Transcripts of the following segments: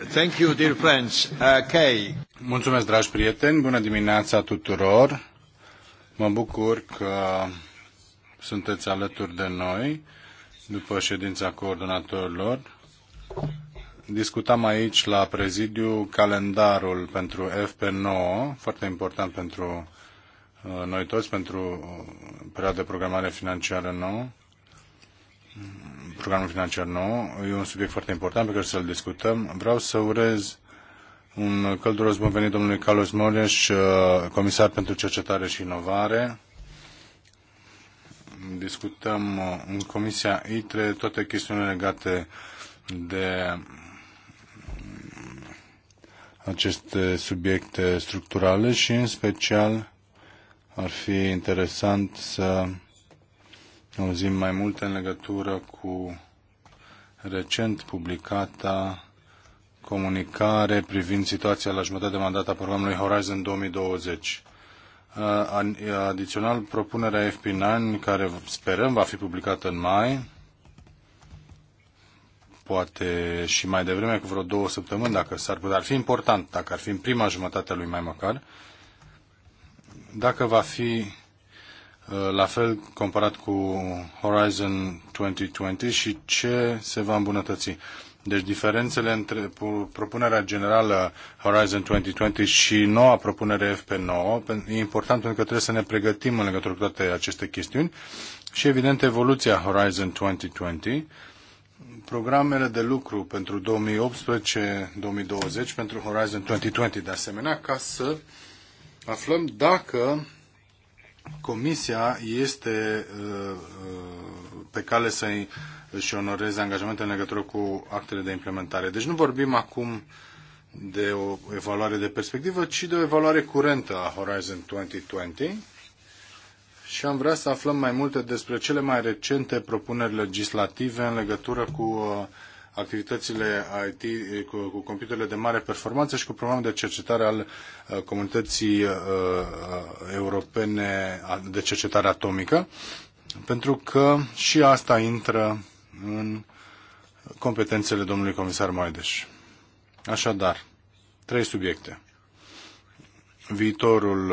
Uh, Mulțumesc, dragi prieteni. Bună dimineața tuturor. Mă bucur că sunteți alături de noi după ședința coordonatorilor. Discutam aici la prezidiu calendarul pentru FP9, foarte important pentru uh, noi toți, pentru uh, perioada de programare financiară nouă programul financiar nou. E un subiect foarte important pe care să-l discutăm. Vreau să urez un călduros bun venit domnului Carlos Moreș, uh, comisar pentru cercetare și inovare. Discutăm uh, în Comisia ITRE toate chestiunile legate de aceste subiecte structurale și în special ar fi interesant să auzim mai multe în legătură cu recent publicata comunicare privind situația la jumătate de mandat a programului Horizon 2020. Adițional, propunerea FP9, care sperăm va fi publicată în mai, poate și mai devreme, cu vreo două săptămâni, dacă s-ar putea. Ar fi important, dacă ar fi în prima jumătate a lui mai măcar, dacă va fi Uh, la fel comparat cu Horizon 2020 și ce se va îmbunătăți. Deci diferențele între propunerea generală Horizon 2020 și noua propunere FP9 e important pentru că trebuie să ne pregătim în legătură cu toate aceste chestiuni și evident evoluția Horizon 2020 programele de lucru pentru 2018-2020, pentru Horizon 2020 de asemenea, ca să aflăm dacă Comisia este uh, uh, pe cale să își onoreze angajamente în legătură cu actele de implementare. Deci nu vorbim acum de o evaluare de perspectivă, ci de o evaluare curentă a Horizon 2020 și am vrea să aflăm mai multe despre cele mai recente propuneri legislative în legătură cu uh, activitățile IT eh, cu, cu computerele de mare performanță și cu programul de cercetare al eh, comunității eh, europene de cercetare atomică, pentru că și asta intră în competențele domnului comisar Moedeș. Așadar, trei subiecte. Viitorul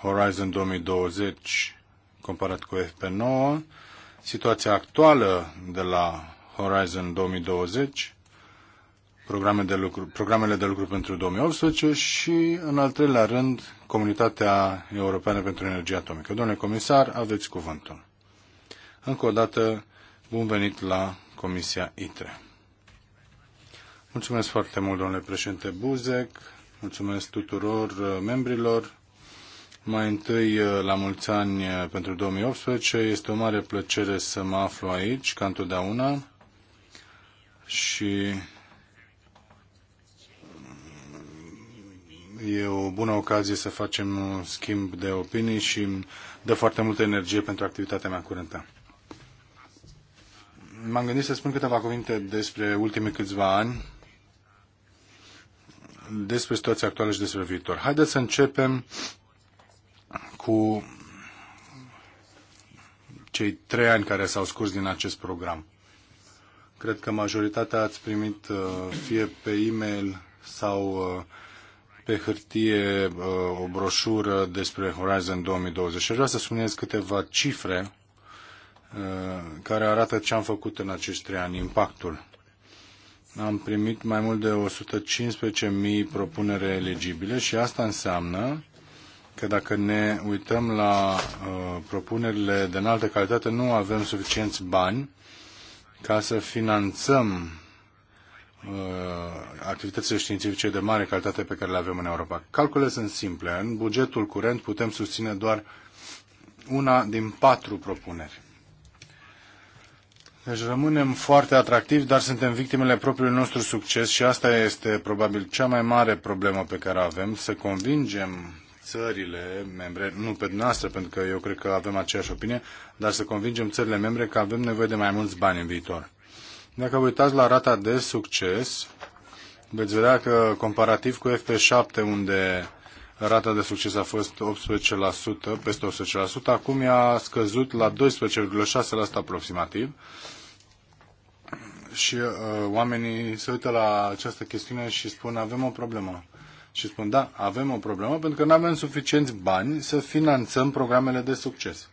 Horizon 2020 comparat cu FP9, situația actuală de la Horizon 2020, programe de lucru, programele de lucru pentru 2018 și, în al treilea rând, Comunitatea Europeană pentru Energie Atomică. Domnule comisar, aveți cuvântul. Încă o dată, bun venit la Comisia ITRE. Mulțumesc foarte mult, domnule președinte Buzek, mulțumesc tuturor uh, membrilor. Mai întâi, uh, la mulți ani uh, pentru 2018, este o mare plăcere să mă aflu aici, ca întotdeauna și e o bună ocazie să facem un schimb de opinii și îmi dă foarte multă energie pentru activitatea mea curentă. M-am gândit să spun câteva cuvinte despre ultimii câțiva ani, despre situația actuală și despre viitor. Haideți să începem cu cei trei ani care s-au scurs din acest program. Cred că majoritatea ați primit uh, fie pe e-mail sau uh, pe hârtie uh, o broșură despre Horizon 2020. Și vreau să spuneți câteva cifre care arată ce am făcut în acești trei ani, impactul. Am primit mai mult de 115.000 propunere eligibile și asta înseamnă că dacă ne uităm la uh, propunerile de înaltă calitate, nu avem suficienți bani ca să finanțăm uh, activitățile științifice de mare calitate pe care le avem în Europa. Calculele sunt simple. În bugetul curent putem susține doar una din patru propuneri. Deci rămânem foarte atractivi, dar suntem victimele propriului nostru succes și asta este probabil cea mai mare problemă pe care o avem, să convingem țările membre, nu pe noastră, pentru că eu cred că avem aceeași opinie, dar să convingem țările membre că avem nevoie de mai mulți bani în viitor. Dacă vă uitați la rata de succes, veți vedea că comparativ cu FP7, unde rata de succes a fost 18%, peste 18%, acum i-a scăzut la 12,6% aproximativ. Și uh, oamenii se uită la această chestiune și spun avem o problemă și spun, da, avem o problemă pentru că nu avem suficienți bani să finanțăm programele de succes.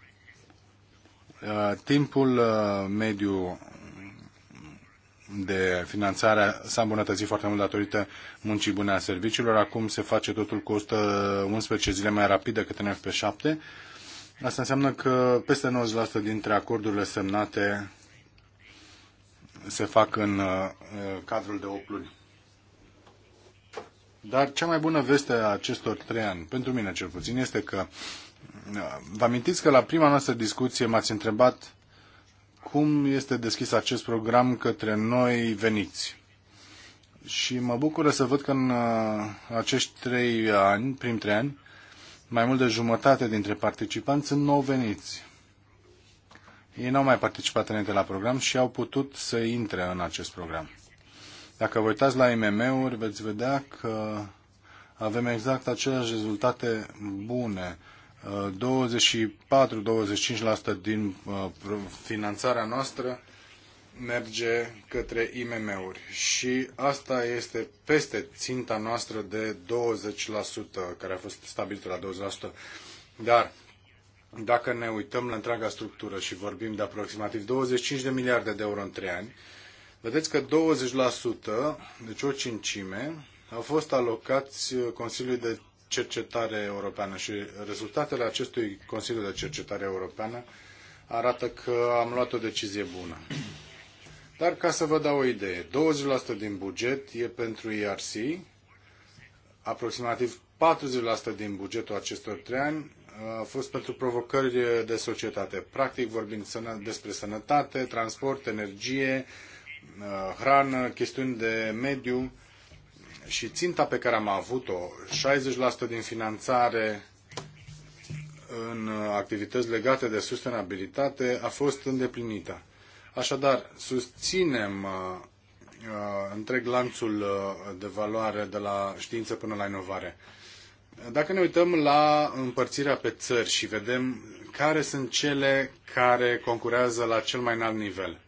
Uh, timpul uh, mediu de finanțare s-a îmbunătățit foarte mult datorită muncii bune a serviciilor. Acum se face totul cu 11 zile mai rapid decât în FP7. Asta înseamnă că peste 90% dintre acordurile semnate se fac în uh, cadrul de 8 luni. Dar cea mai bună veste a acestor trei ani, pentru mine cel puțin, este că vă amintiți că la prima noastră discuție m-ați întrebat cum este deschis acest program către noi veniți. Și mă bucură să văd că în uh, acești trei ani, prim trei ani, mai mult de jumătate dintre participanți sunt nou veniți. Ei n-au mai participat înainte la program și au putut să intre în acest program. Dacă vă uitați la IMM-uri, veți vedea că avem exact aceleași rezultate bune. 24-25% din uh, finanțarea noastră merge către IMM-uri și asta este peste ținta noastră de 20%, care a fost stabilită la 20%. Dar dacă ne uităm la întreaga structură și vorbim de aproximativ 25 de miliarde de euro în 3 ani, Vedeți că 20%, deci o cincime, au fost alocați Consiliului de Cercetare Europeană și rezultatele acestui Consiliu de Cercetare Europeană arată că am luat o decizie bună. Dar ca să vă dau o idee, 20% din buget e pentru ERC, aproximativ 40% din bugetul acestor trei ani a fost pentru provocări de societate. Practic vorbim despre sănătate, transport, energie, Uh, hrană, chestiuni de mediu și ținta pe care am avut-o, 60% din finanțare în activități legate de sustenabilitate, a fost îndeplinită. Așadar, susținem uh, uh, întreg lanțul de valoare de la știință până la inovare. Dacă ne uităm la împărțirea pe țări și vedem care sunt cele care concurează la cel mai înalt nivel,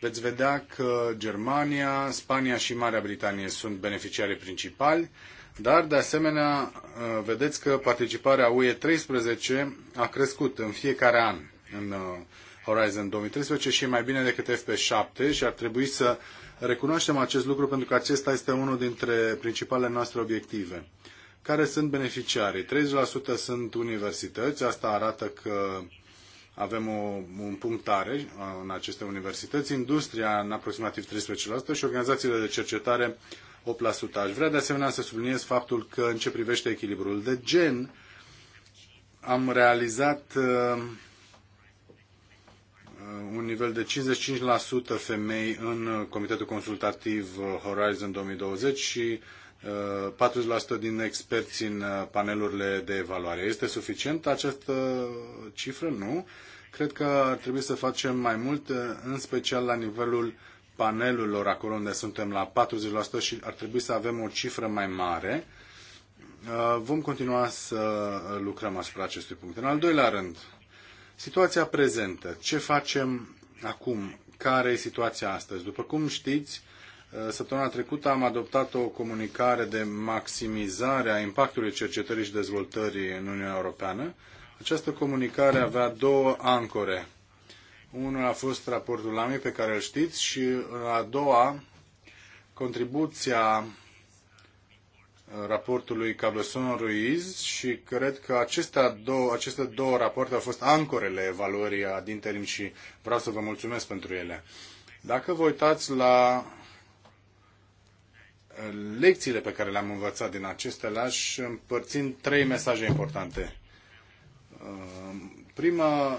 veți vedea că Germania, Spania și Marea Britanie sunt beneficiarii principali, dar de asemenea uh, vedeți că participarea UE 13 a crescut în fiecare an în uh, Horizon 2013 și e mai bine decât FP7 și ar trebui să recunoaștem acest lucru pentru că acesta este unul dintre principalele noastre obiective. Care sunt beneficiarii? 30% sunt universități, asta arată că avem o, un punct tare în aceste universități, industria în aproximativ 13% și organizațiile de cercetare 8%. Aș vrea de asemenea să subliniez faptul că în ce privește echilibrul de gen am realizat uh, un nivel de 55% femei în Comitetul Consultativ uh, Horizon 2020 și 40% din experți în uh, panelurile de evaluare. Este suficient această cifră? Nu. Cred că ar trebui să facem mai mult, uh, în special la nivelul panelurilor, acolo unde suntem la 40% și ar trebui să avem o cifră mai mare. Uh, vom continua să lucrăm asupra acestui punct. În al doilea rând, situația prezentă. Ce facem acum? Care e situația astăzi? După cum știți, Eh, săptămâna trecută am adoptat o comunicare de maximizare a impactului cercetării și dezvoltării în Uniunea Europeană. Această comunicare avea două ancore. Unul a fost raportul LAMI pe care îl știți și a doua contribuția eh, raportului Cableson Ruiz și cred că acestea două, aceste două rapoarte au fost ancorele evaluării ad interim și vreau să vă mulțumesc pentru ele. Dacă vă uitați la lecțiile pe care le-am învățat din aceste le împărțind trei mesaje importante. Uh, prima uh,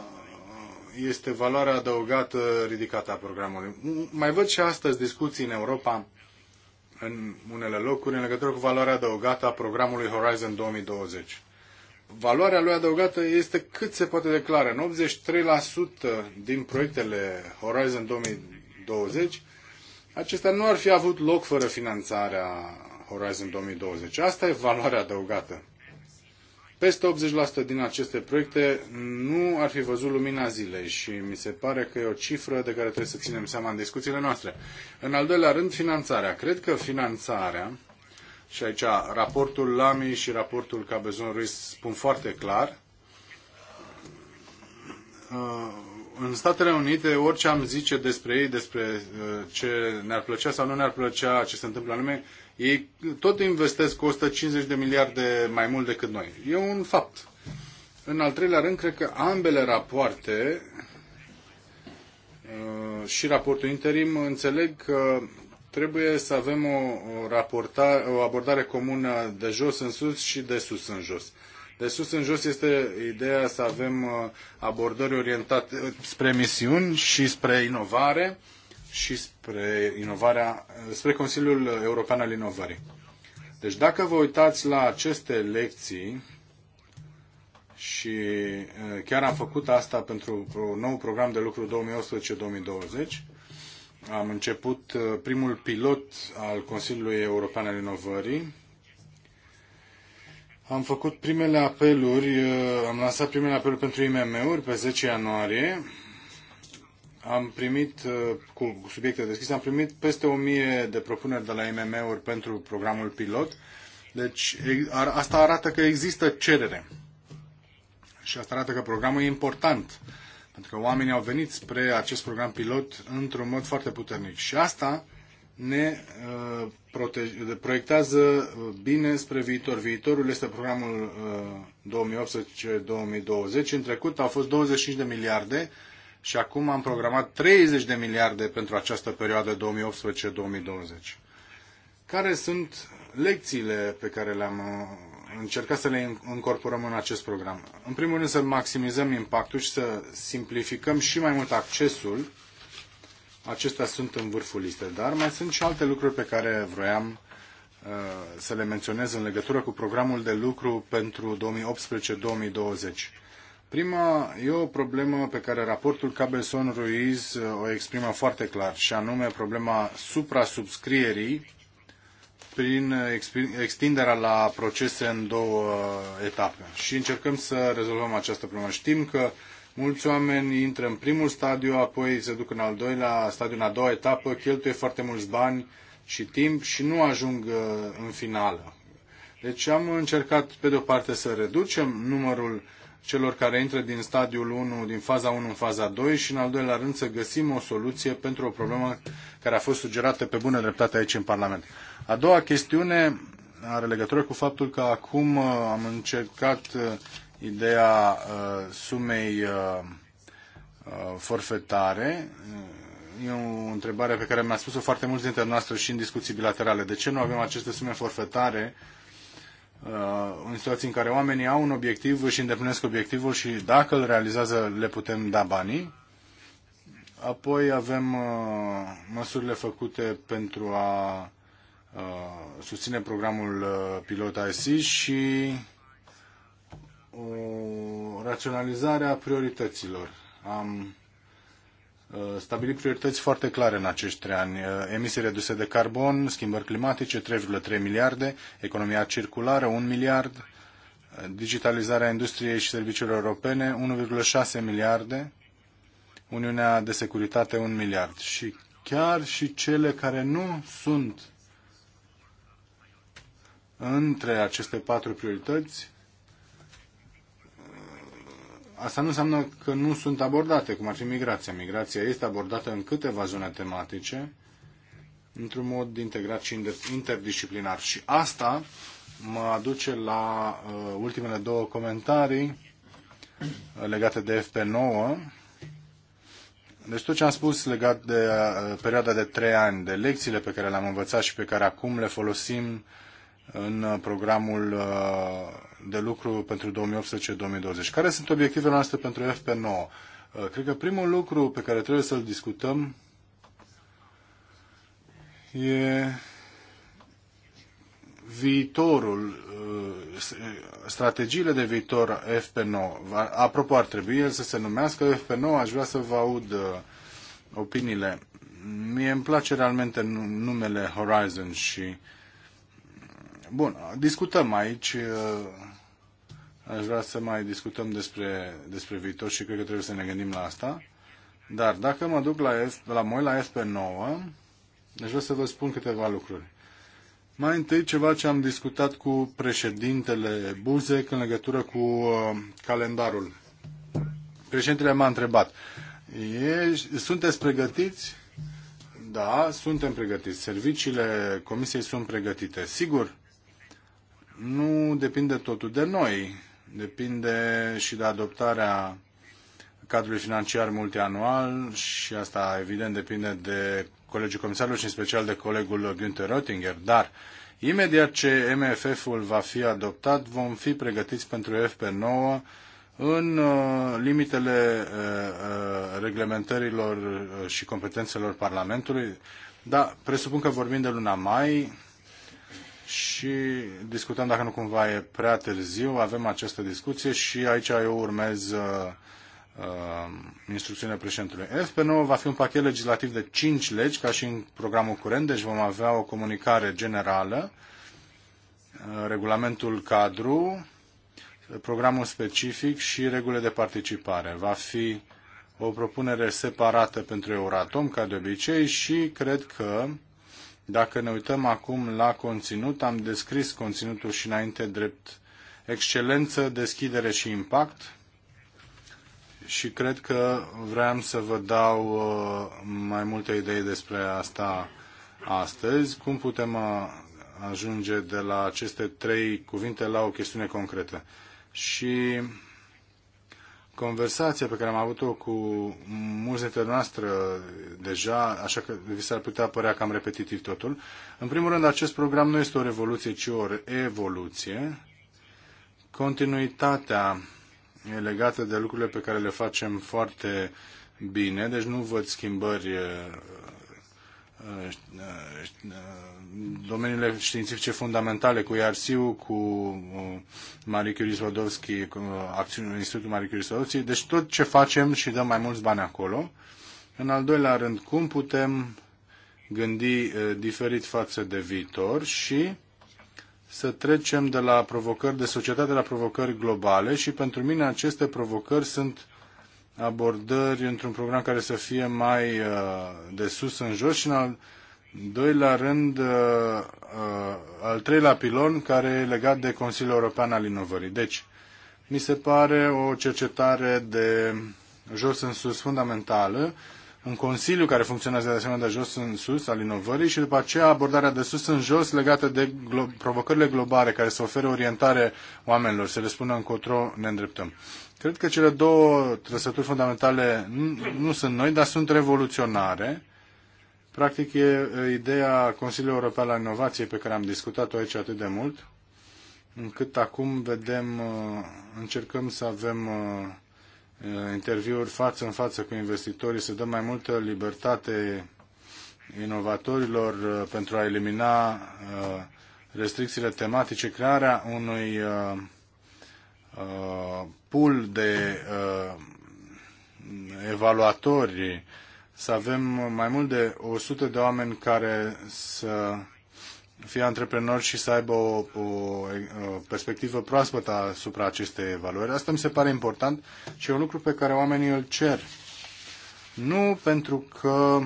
este valoarea adăugată ridicată a programului. Mai văd și astăzi discuții în Europa, în unele locuri, în legătură cu valoarea adăugată a programului Horizon 2020. Valoarea lui adăugată este cât se poate declara. În 83% din proiectele Horizon 2020 acesta nu ar fi avut loc fără finanțarea Horizon 2020. Asta e valoarea adăugată. Peste 80% din aceste proiecte nu ar fi văzut lumina zilei și mi se pare că e o cifră de care trebuie să ținem seama în discuțiile noastre. În al doilea rând, finanțarea. Cred că finanțarea, și aici raportul Lamy și raportul Cabezon Ruiz spun foarte clar, uh, în Statele Unite, orice am zice despre ei, despre uh, ce ne-ar plăcea sau nu ne-ar plăcea, ce se întâmplă în lume, ei tot investesc 150 de miliarde mai mult decât noi. E un fapt. În al treilea rând, cred că ambele rapoarte uh, și raportul interim înțeleg că trebuie să avem o, raportare, o abordare comună de jos în sus și de sus în jos. De sus în jos este ideea să avem uh, abordări orientate uh, spre misiuni și spre inovare și spre, inovarea, uh, spre Consiliul European al Inovării. Deci dacă vă uitați la aceste lecții, și chiar am făcut asta pentru un nou program de lucru 2018-2020, am început primul pilot al Consiliului European al Inovării, am făcut primele apeluri, uh, am lansat primele apeluri pentru IMM-uri pe 10 ianuarie. Am primit, uh, cu subiecte deschise, am primit peste 1000 de propuneri de la IMM-uri pentru programul pilot. Deci asta arată că există cerere. Și asta arată că programul e important. Pentru că oamenii au venit spre acest program pilot într-un mod foarte puternic. Și asta ne uh, protege, proiectează uh, bine spre viitor. Viitorul este programul 2018-2020. Uh, în trecut au fost 25 de miliarde și acum am programat 30 de miliarde pentru această perioadă 2018-2020. Care sunt lecțiile pe care le-am încercat să le incorporăm în acest program? În primul rând să maximizăm impactul și să simplificăm și mai mult accesul Acestea sunt în vârful listei, dar mai sunt și alte lucruri pe care vroiam uh, să le menționez în legătură cu programul de lucru pentru 2018-2020. Prima e o problemă pe care raportul Cabelson-Ruiz uh, o exprimă foarte clar, și anume problema suprasubscrierii prin uh, extinderea la procese în două uh, etape. Și încercăm să rezolvăm această problemă. Știm că Mulți oameni intră în primul stadiu, apoi se duc în al doilea stadiu, în a doua etapă, cheltuie foarte mulți bani și timp și nu ajung uh, în finală. Deci am încercat, pe de-o parte, să reducem numărul celor care intră din stadiul 1, din faza 1 în faza 2 și, în al doilea rând, să găsim o soluție pentru o problemă care a fost sugerată pe bună dreptate aici în Parlament. A doua chestiune are legătură cu faptul că acum uh, am încercat uh, ideea uh, sumei uh, uh, forfetare. E o întrebare pe care mi-a spus-o foarte mulți dintre noastre și în discuții bilaterale. De ce nu avem aceste sume forfetare în situații în care oamenii au un obiectiv, și îndeplinesc obiectivul și dacă îl realizează le putem da banii? Apoi avem măsurile făcute pentru a susține programul pilot IC și o raționalizare a priorităților. Am uh, stabilit priorități foarte clare în acești trei ani. Uh, emisii reduse de carbon, schimbări climatice 3,3 miliarde, economia circulară 1 miliard, uh, digitalizarea industriei și serviciilor europene 1,6 miliarde, Uniunea de Securitate 1 miliard. Și chiar și cele care nu sunt între aceste patru priorități asta nu înseamnă că nu sunt abordate, cum ar fi migrația. Migrația este abordată în câteva zone tematice, într-un mod integrat și interdisciplinar. Și asta mă aduce la uh, ultimele două comentarii uh, legate de FP9. Deci tot ce am spus legat de uh, perioada de trei ani, de lecțiile pe care le-am învățat și pe care acum le folosim în uh, programul uh, de lucru pentru 2018-2020. Care sunt obiectivele noastre pentru FP9? Uh, cred că primul lucru pe care trebuie să-l discutăm e viitorul, uh, strategiile de viitor FP9. Apropo, ar trebui el să se numească FP9, aș vrea să vă aud uh, opiniile. Mie îmi place realmente numele Horizon și Bun, discutăm aici. Uh, aș vrea să mai discutăm despre, despre viitor și cred că trebuie să ne gândim la asta. Dar dacă mă duc la, S, la moi la SP9, aș vrea să vă spun câteva lucruri. Mai întâi ceva ce am discutat cu președintele Buzek în legătură cu uh, calendarul. Președintele m-a întrebat, e, sunteți pregătiți? Da, suntem pregătiți. Serviciile comisiei sunt pregătite. Sigur, nu depinde totul de noi, depinde și de adoptarea cadrului financiar multianual și asta evident depinde de colegiul comisarilor și în special de colegul Günther Oettinger, dar imediat ce MFF-ul va fi adoptat, vom fi pregătiți pentru FP9 în uh, limitele uh, uh, reglementărilor și competențelor Parlamentului, dar presupun că vorbim de luna mai, și discutăm dacă nu cumva e prea târziu, avem această discuție și aici eu urmez uh, uh, instrucțiunile președintelui. FP9 va fi un pachet legislativ de 5 legi, ca și în programul curent, deci vom avea o comunicare generală, uh, regulamentul cadru, programul specific și regulile de participare. Va fi o propunere separată pentru Euratom, ca de obicei, și cred că dacă ne uităm acum la conținut, am descris conținutul și înainte drept excelență, deschidere și impact și cred că vreau să vă dau uh, mai multe idei despre asta astăzi. Cum putem uh, ajunge de la aceste trei cuvinte la o chestiune concretă? Și conversația pe care am avut-o cu mulți dintre noastre deja, așa că vi s-ar putea părea cam repetitiv totul. În primul rând, acest program nu este o revoluție, ci o evoluție. Continuitatea e legată de lucrurile pe care le facem foarte bine, deci nu văd schimbări domeniile științifice fundamentale cu irc cu uh, Marie Curie Swadowski, cu uh, acțiunile Institutul Marie Curie Swadowski, deci tot ce facem și dăm mai mulți bani acolo. În al doilea rând, cum putem gândi uh, diferit față de viitor și să trecem de la provocări de societate la provocări globale și pentru mine aceste provocări sunt abordări într-un program care să fie mai uh, de sus în jos și în al doilea rând, uh, uh, al treilea pilon care e legat de Consiliul European al Inovării. Deci, mi se pare o cercetare de jos în sus fundamentală, un consiliu care funcționează de asemenea de jos în sus al inovării și după aceea abordarea de sus în jos legată de glo- provocările globale care să ofere orientare oamenilor, să le spună încotro ne îndreptăm. Cred că cele două trăsături fundamentale nu sunt noi, dar sunt revoluționare. Practic e ideea Consiliului European la Inovație pe care am discutat-o aici atât de mult, încât acum vedem, uh, încercăm să avem uh, uh, interviuri față în față cu investitorii, să dăm mai multă libertate inovatorilor pentru a elimina restricțiile tematice, crearea unui Uh, pool de uh, evaluatori, să avem mai mult de 100 de oameni care să fie antreprenori și să aibă o, o perspectivă proaspătă asupra acestei evaluări. Asta mi se pare important și e un lucru pe care oamenii îl cer. Nu pentru că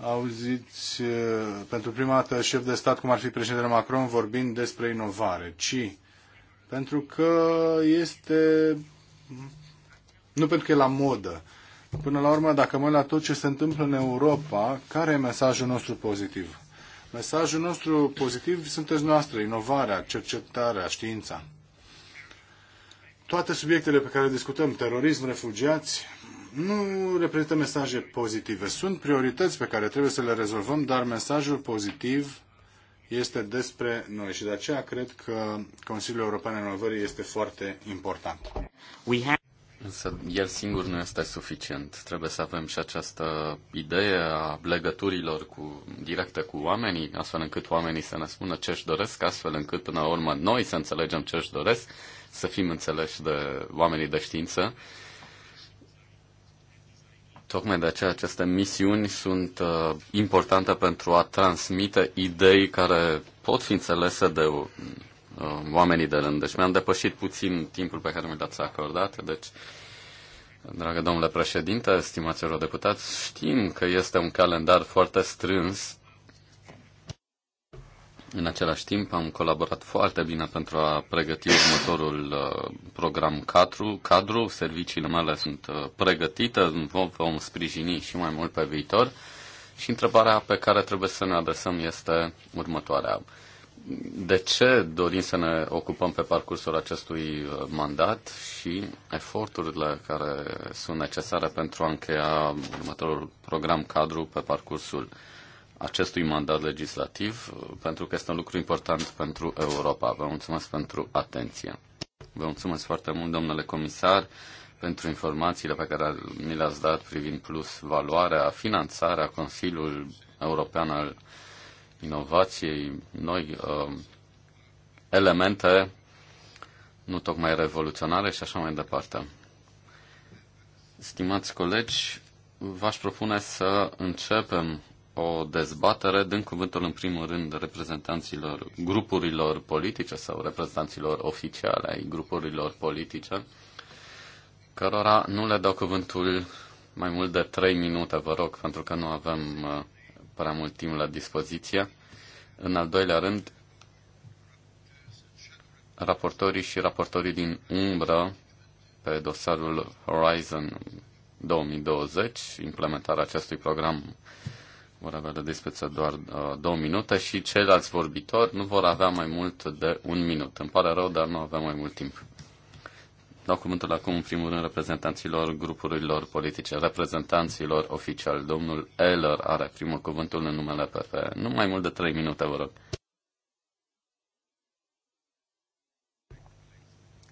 auziți uh, pentru prima dată șef de stat, cum ar fi președintele Macron, vorbind despre inovare, ci pentru că este... Nu pentru că e la modă. Până la urmă, dacă mă la tot ce se întâmplă în Europa, care e mesajul nostru pozitiv? Mesajul nostru pozitiv sunteți noastre inovarea, cercetarea, știința. Toate subiectele pe care discutăm, terorism, refugiați, nu reprezintă mesaje pozitive. Sunt priorități pe care trebuie să le rezolvăm, dar mesajul pozitiv este despre noi și de aceea cred că Consiliul European al Inovării este foarte important. We have... Însă el singur nu este suficient. Trebuie să avem și această idee a legăturilor cu, directe cu oamenii, astfel încât oamenii să ne spună ce își doresc, astfel încât până la urmă noi să înțelegem ce își doresc, să fim înțeleși de oamenii de știință Tocmai de aceea aceste misiuni sunt uh, importante pentru a transmite idei care pot fi înțelese de uh, oamenii de rând. Deci mi-am depășit puțin timpul pe care mi l-ați acordat, deci Dragă domnule președinte, stimați eurodeputați, știm că este un calendar foarte strâns în același timp am colaborat foarte bine pentru a pregăti următorul uh, program cadru. cadru. Serviciile mele sunt uh, pregătite, vom, vom sprijini și mai mult pe viitor. Și întrebarea pe care trebuie să ne adresăm este următoarea. De ce dorim să ne ocupăm pe parcursul acestui uh, mandat și eforturile care sunt necesare pentru a încheia următorul program cadru pe parcursul acestui mandat legislativ, uh, pentru că este un lucru important pentru Europa. Vă mulțumesc pentru atenție. Vă mulțumesc foarte mult, domnule comisar, pentru informațiile pe care mi le-ați dat privind plus valoarea, finanțarea, Consiliul European al Inovației, noi uh, elemente nu tocmai revoluționare și așa mai departe. Stimați colegi, v-aș propune să începem o dezbatere, dând cuvântul în primul rând reprezentanților grupurilor politice sau reprezentanților oficiale ai grupurilor politice, cărora nu le dau cuvântul mai mult de 3 minute, vă rog, pentru că nu avem uh, prea mult timp la dispoziție. În al doilea rând, raportorii și raportorii din umbră pe dosarul Horizon 2020, implementarea acestui program vor avea de dispeță doar uh, două minute și ceilalți vorbitori nu vor avea mai mult de un minut. Îmi pare rău, dar nu avem mai mult timp. Dau cuvântul acum, în primul rând, reprezentanților grupurilor politice, reprezentanților oficiali. Domnul Eller are primul cuvântul în numele PP. Nu mai mult de trei minute, vă rog.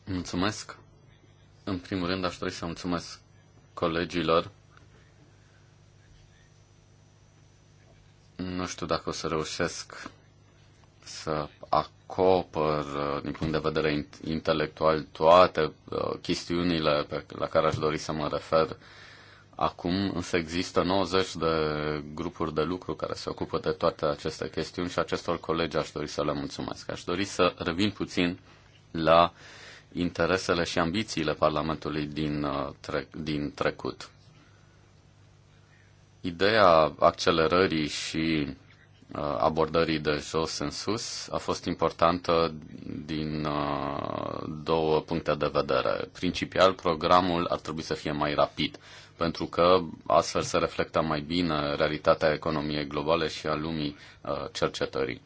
Mulțumesc. În primul rând, aș dori să mulțumesc colegilor Nu știu dacă o să reușesc să acopăr, uh, din punct de vedere intelectual, toate uh, chestiunile pe, la care aș dori să mă refer acum, însă există 90 de grupuri de lucru care se ocupă de toate aceste chestiuni și acestor colegi aș dori să le mulțumesc. Aș dori să revin puțin la interesele și ambițiile Parlamentului din, uh, tre- din trecut. Ideea accelerării și uh, abordării de jos în sus a fost importantă din uh, două puncte de vedere. Principial, programul ar trebui să fie mai rapid, pentru că astfel se reflectă mai bine realitatea economiei globale și a lumii uh, cercetării.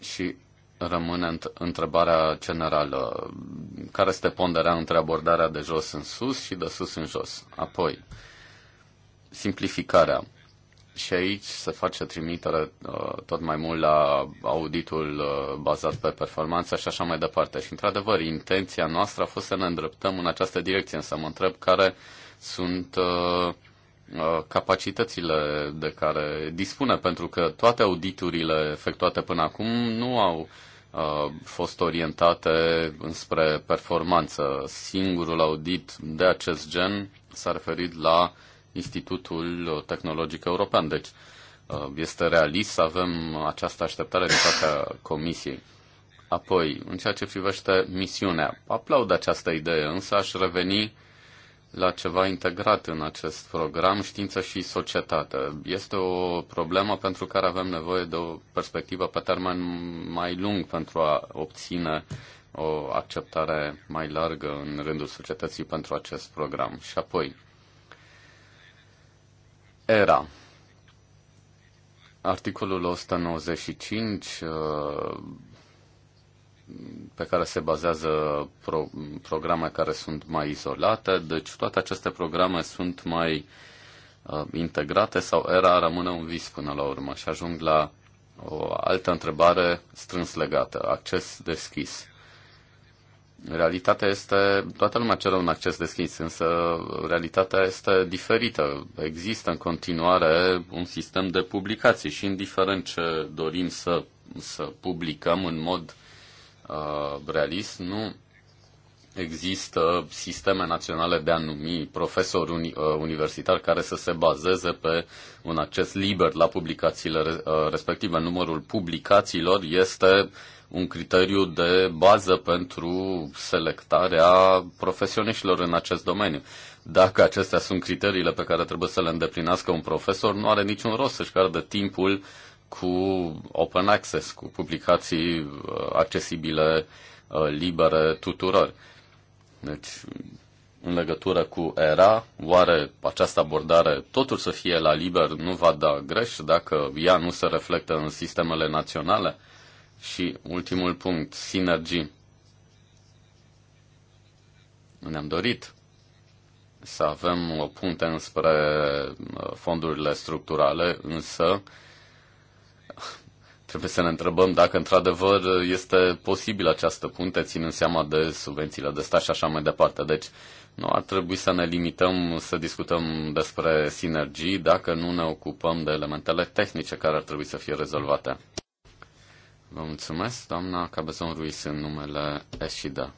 Și rămâne întrebarea generală. Care este ponderea între abordarea de jos în sus și de sus în jos? Apoi, simplificarea. Și aici se face trimitere uh, tot mai mult la auditul uh, bazat pe performanță și așa mai departe. Și, într-adevăr, intenția noastră a fost să ne îndreptăm în această direcție, însă mă întreb care sunt uh, Uh, capacitățile de care dispune, pentru că toate auditurile efectuate până acum nu au uh, fost orientate înspre performanță. Singurul audit de acest gen s-a referit la Institutul Tehnologic European. Deci uh, este realist să avem această așteptare din partea Comisiei. Apoi, în ceea ce privește misiunea, aplaud această idee, însă aș reveni la ceva integrat în acest program, știință și societate. Este o problemă pentru care avem nevoie de o perspectivă pe termen mai lung pentru a obține o acceptare mai largă în rândul societății pentru acest program. Și apoi, era. Articolul 195 pe care se bazează pro, programe care sunt mai izolate, deci toate aceste programe sunt mai uh, integrate sau era rămâne un vis până la urmă și ajung la o altă întrebare strâns legată, acces deschis. Realitatea este, toată lumea cere un acces deschis, însă realitatea este diferită. Există în continuare un sistem de publicații și indiferent ce dorim să, să publicăm în mod Uh, realist, nu există sisteme naționale de a numi profesori uni, uh, universitari care să se bazeze pe un acces liber la publicațiile uh, respective. Numărul publicațiilor este un criteriu de bază pentru selectarea profesioniștilor în acest domeniu. Dacă acestea sunt criteriile pe care trebuie să le îndeplinească un profesor, nu are niciun rost să-și piardă timpul cu open access, cu publicații uh, accesibile, uh, libere tuturor. Deci, în legătură cu era, oare această abordare totul să fie la liber nu va da greș dacă ea nu se reflectă în sistemele naționale? Și ultimul punct, sinergii. Ne-am dorit să avem o punte înspre uh, fondurile structurale, însă uh, Trebuie să ne întrebăm dacă într-adevăr este posibil această punte, ținând seama de subvențiile de stat și așa mai departe. Deci, nu ar trebui să ne limităm să discutăm despre sinergii dacă nu ne ocupăm de elementele tehnice care ar trebui să fie rezolvate. Vă mulțumesc, doamna Cabezon Ruiz, în numele Eșida.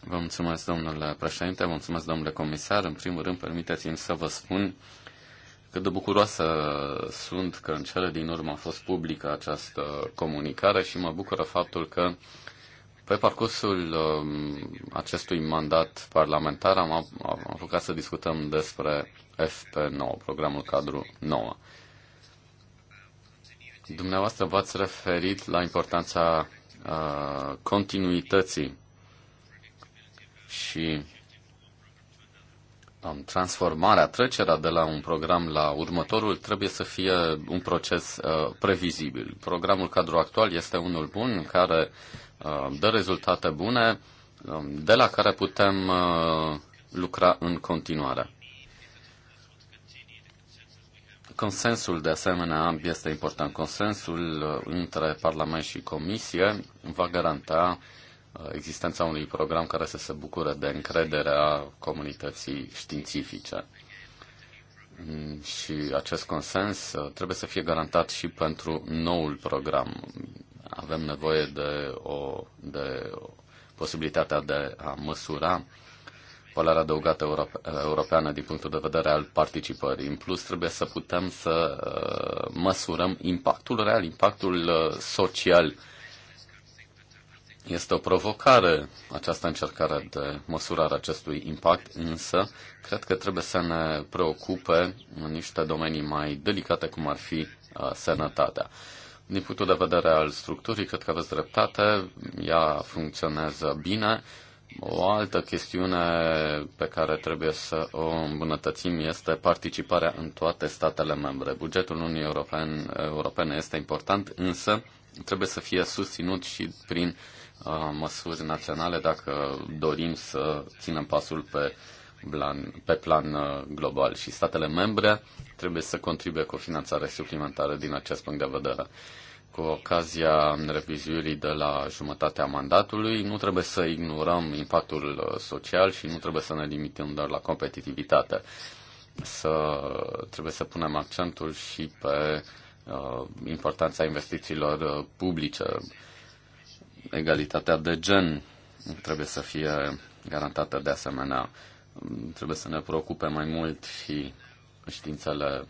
Vă mulțumesc, domnule președinte, vă mulțumesc, domnule comisar. În primul rând, permiteți-mi să vă spun cât de bucuroasă sunt că în cele din urmă a fost publică această comunicare și mă bucură faptul că pe parcursul um, acestui mandat parlamentar am apucat să discutăm despre FP9, programul cadru 9. Dumneavoastră v-ați referit la importanța uh, continuității și transformarea, trecerea de la un program la următorul trebuie să fie un proces uh, previzibil. Programul cadru actual este unul bun care uh, dă rezultate bune, um, de la care putem uh, lucra în continuare. Consensul, de asemenea, este important. Consensul uh, între Parlament și Comisie va garanta uh, existența unui program care să se bucure de încrederea comunității științifice. Și acest consens uh, trebuie să fie garantat și pentru noul program. Avem nevoie de, o, de posibilitatea de a măsura valoarea adăugată europeană din punctul de vedere al participării. În plus, trebuie să putem să uh, măsurăm impactul real, impactul uh, social este o provocare această încercare de măsurare acestui impact, însă cred că trebuie să ne preocupe în niște domenii mai delicate, cum ar fi uh, sănătatea. Din punctul de vedere al structurii, cred că aveți dreptate, ea funcționează bine. O altă chestiune pe care trebuie să o îmbunătățim este participarea în toate statele membre. Bugetul Uniunii Europene este important, însă trebuie să fie susținut și prin uh, Uh, măsuri naționale dacă dorim să ținem pasul pe plan, pe plan uh, global și statele membre trebuie să contribuie cu o finanțare suplimentară din acest punct de vedere. Cu ocazia revizuirii de la jumătatea mandatului, nu trebuie să ignorăm impactul uh, social și nu trebuie să ne limităm doar la competitivitate. Să, trebuie să punem accentul și pe uh, importanța investițiilor publice, egalitatea de gen trebuie să fie garantată de asemenea. Trebuie să ne preocupe mai mult și științele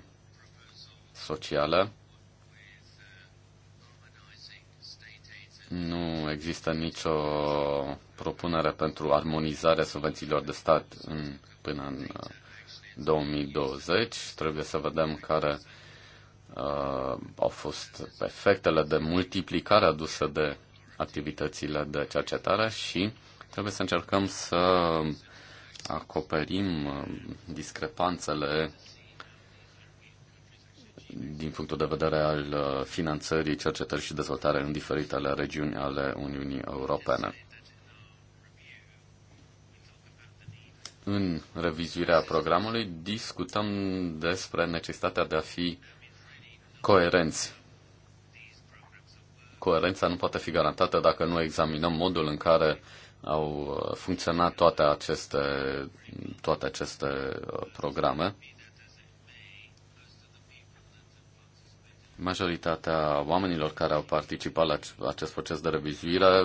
sociale. Nu există nicio propunere pentru armonizarea subvențiilor de stat în, până în 2020. Uh, trebuie să vedem care uh, au fost efectele de multiplicare aduse de activitățile de cercetare și trebuie să încercăm să acoperim uh, discrepanțele din punctul de vedere al uh, finanțării, cercetării și dezvoltare în diferitele regiuni ale Uniunii Europene. În revizuirea programului discutăm despre necesitatea de a fi coerenți coerența nu poate fi garantată dacă nu examinăm modul în care au uh, funcționat toate aceste, toate aceste uh, programe. Majoritatea oamenilor care au participat la acest proces de revizuire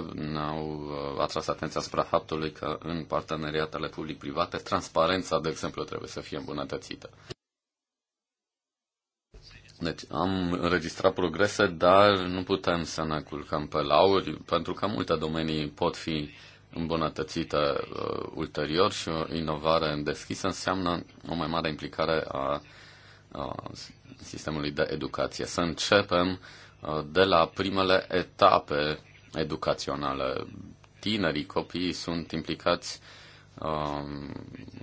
au uh, atras atenția asupra faptului că în parteneriatele public-private transparența, de exemplu, trebuie să fie îmbunătățită. Deci am înregistrat progrese, dar nu putem să ne culcăm pe lauri, pentru că multe domenii pot fi îmbunătățite uh, ulterior și o inovare deschisă înseamnă o mai mare implicare a uh, sistemului de educație. Să începem uh, de la primele etape educaționale. Tinerii, copiii sunt implicați uh, Um,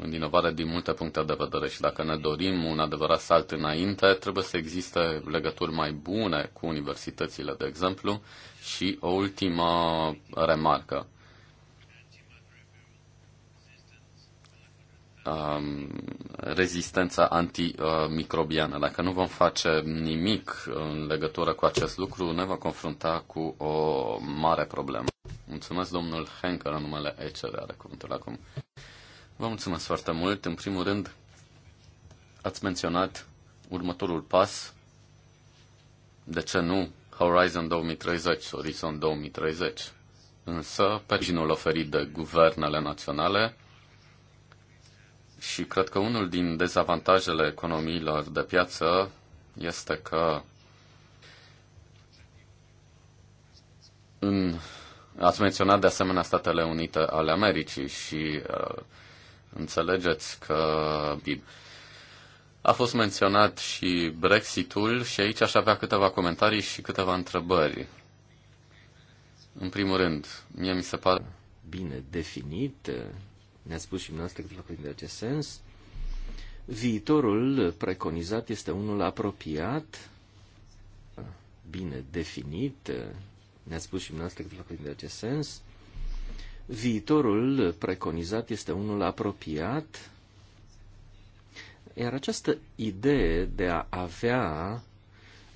în inovare din multe puncte de vedere și dacă ne dorim un adevărat salt înainte, trebuie să existe legături mai bune cu universitățile, de exemplu. Și o ultimă remarcă. um, rezistența antimicrobiană. Dacă nu vom face nimic în legătură cu acest lucru, ne vom confrunta cu o mare problemă. Mulțumesc, domnul Henker, în numele ECR, are cuvântul acum. Vă mulțumesc foarte mult. În primul rând, ați menționat următorul pas. De ce nu Horizon 2030, Horizon 2030? Însă, pe oferit de guvernele naționale, și cred că unul din dezavantajele economiilor de piață este că în, ați menționat de asemenea Statele Unite ale Americii și uh, înțelegeți că bine, a fost menționat și Brexitul și aici aș avea câteva comentarii și câteva întrebări. În primul rând, mie mi se pare bine definit, ne a spus și dumneavoastră câteva cuvinte de acest sens. Viitorul preconizat este unul apropiat, bine definit. ne a spus și dumneavoastră câteva cuvinte de acest sens. Viitorul preconizat este unul apropiat, iar această idee de a avea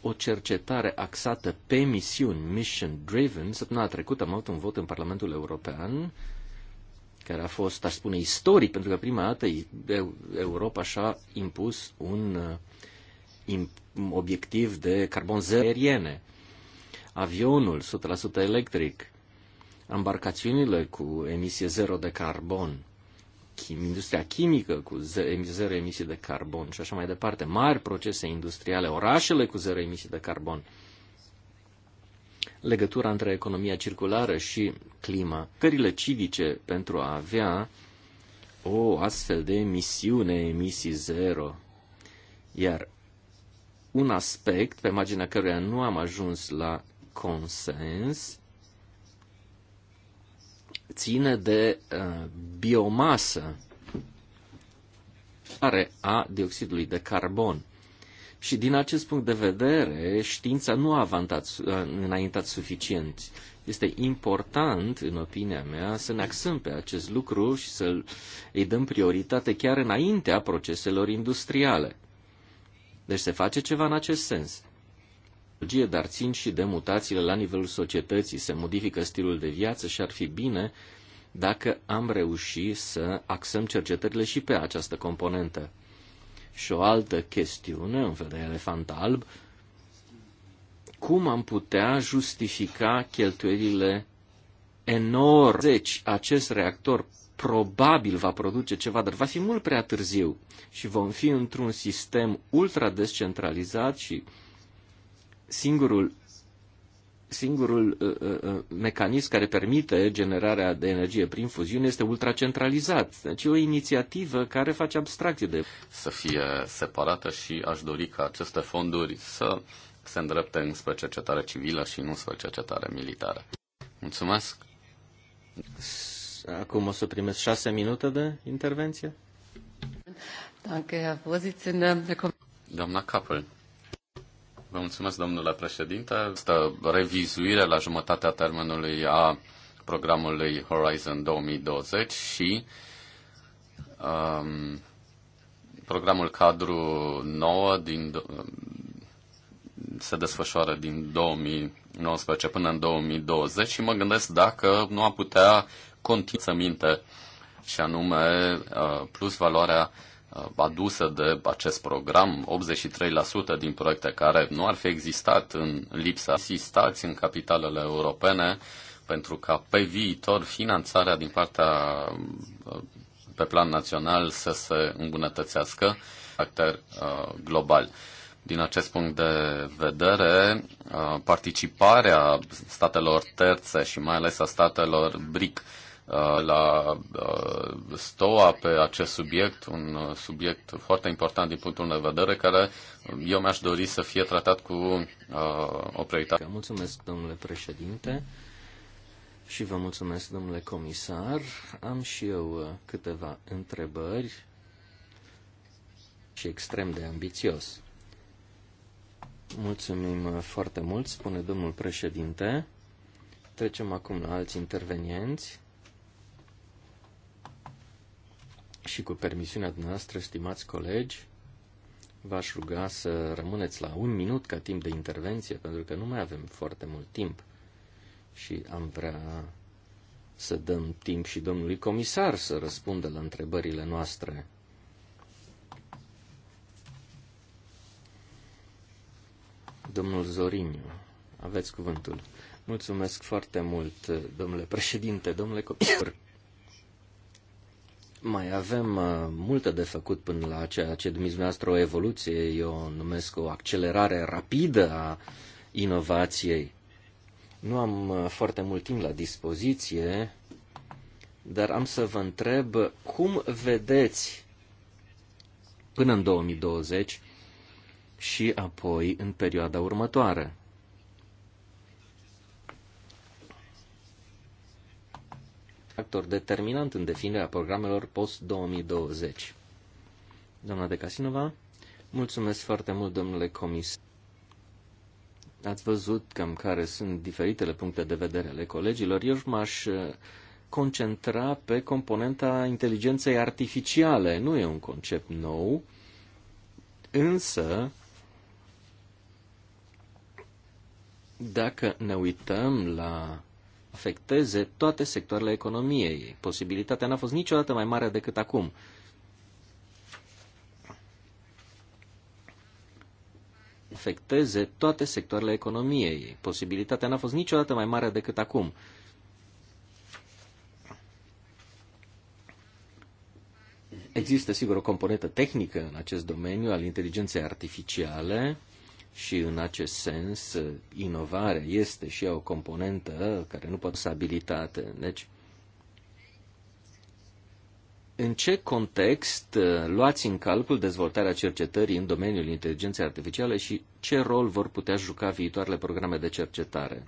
o cercetare axată pe misiuni, mission driven, săptămâna trecută am avut un vot în Parlamentul European care a fost, aș spune, istoric, pentru că prima dată Europa și-a impus un uh, obiectiv de carbon zero aeriene. Avionul 100% electric, embarcațiunile cu emisie zero de carbon, industria chimică cu zero emisii de carbon și așa mai departe, mari procese industriale, orașele cu zero emisii de carbon – legătura între economia circulară și clima. Cările civice pentru a avea o astfel de misiune emisii zero. Iar un aspect pe marginea căruia nu am ajuns la consens ține de uh, biomasă are a dioxidului de carbon. Și din acest punct de vedere, știința nu a avantat, înaintat suficient. Este important, în opinia mea, să ne axăm pe acest lucru și să îi dăm prioritate chiar înaintea proceselor industriale. Deci se face ceva în acest sens. Dar țin și de mutațiile la nivelul societății, se modifică stilul de viață și ar fi bine dacă am reușit să axăm cercetările și pe această componentă. Și o altă chestiune, un fel de elefant alb, cum am putea justifica cheltuielile enorme? Deci, acest reactor probabil va produce ceva, dar va fi mult prea târziu și vom fi într-un sistem ultra descentralizat și singurul singurul uh, uh, uh, mecanism care permite generarea de energie prin fuziune este ultracentralizat. Deci e o inițiativă care face abstracție de... Să fie separată și aș dori ca aceste fonduri să se îndrepte înspre cercetare civilă și nu spre cercetare militară. Mulțumesc! Acum o să primesc șase minute de intervenție. Doamna Capel, Vă mulțumesc, domnule președinte. Asta revizuire la jumătatea termenului a programului Horizon 2020 și um, programul cadru 9 din, um, se desfășoară din 2019 până în 2020 și mă gândesc dacă nu a putea continua minte și anume uh, plus valoarea uh, Uh, adusă de acest program, 83% din proiecte care nu ar fi existat în lipsa asistați în capitalele europene, pentru ca pe viitor finanțarea din partea uh, pe plan național să se îmbunătățească actor uh, global. Din acest punct de vedere, participarea statelor terțe și mai ales a statelor BRIC Uh, la uh, STOA pe acest subiect, un uh, subiect foarte important din punctul meu de vedere, care eu mi-aș dori să fie tratat cu o prioritate. Mulțumesc, domnule președinte, și vă mulțumesc, domnule comisar. Am și eu câteva întrebări și extrem de ambițios. Mulțumim foarte mult, spune domnul președinte. Trecem acum la alți intervenienți. Și cu permisiunea noastră, stimați colegi, v-aș ruga să rămâneți la un minut ca timp de intervenție, pentru că nu mai avem foarte mult timp și am vrea să dăm timp și domnului comisar să răspundă la întrebările noastre. Domnul Zoriniu, aveți cuvântul. Mulțumesc foarte mult, domnule președinte, domnule comisar. Mai avem uh, multe de făcut până la ceea ce dumneavoastră o evoluție, eu numesc o accelerare rapidă a inovației. Nu am uh, foarte mult timp la dispoziție, dar am să vă întreb cum vedeți până în 2020 și apoi în perioada următoare. factor determinant în definirea programelor post-2020. Doamna de Casinova, mulțumesc foarte mult, domnule Comis. Ați văzut cam care sunt diferitele puncte de vedere ale colegilor. Eu m-aș uh, concentra pe componenta inteligenței artificiale. Nu e un concept nou, însă dacă ne uităm la afecteze toate sectoarele economiei. Posibilitatea n-a fost niciodată mai mare decât acum. afecteze toate sectoarele economiei. Posibilitatea n-a fost niciodată mai mare decât acum. Există, sigur, o componentă tehnică în acest domeniu al inteligenței artificiale, și în acest sens inovarea este și o componentă care nu poate să abilitate. Deci, în ce context uh, luați în calcul dezvoltarea cercetării în domeniul inteligenței artificiale și ce rol vor putea juca viitoarele programe de cercetare?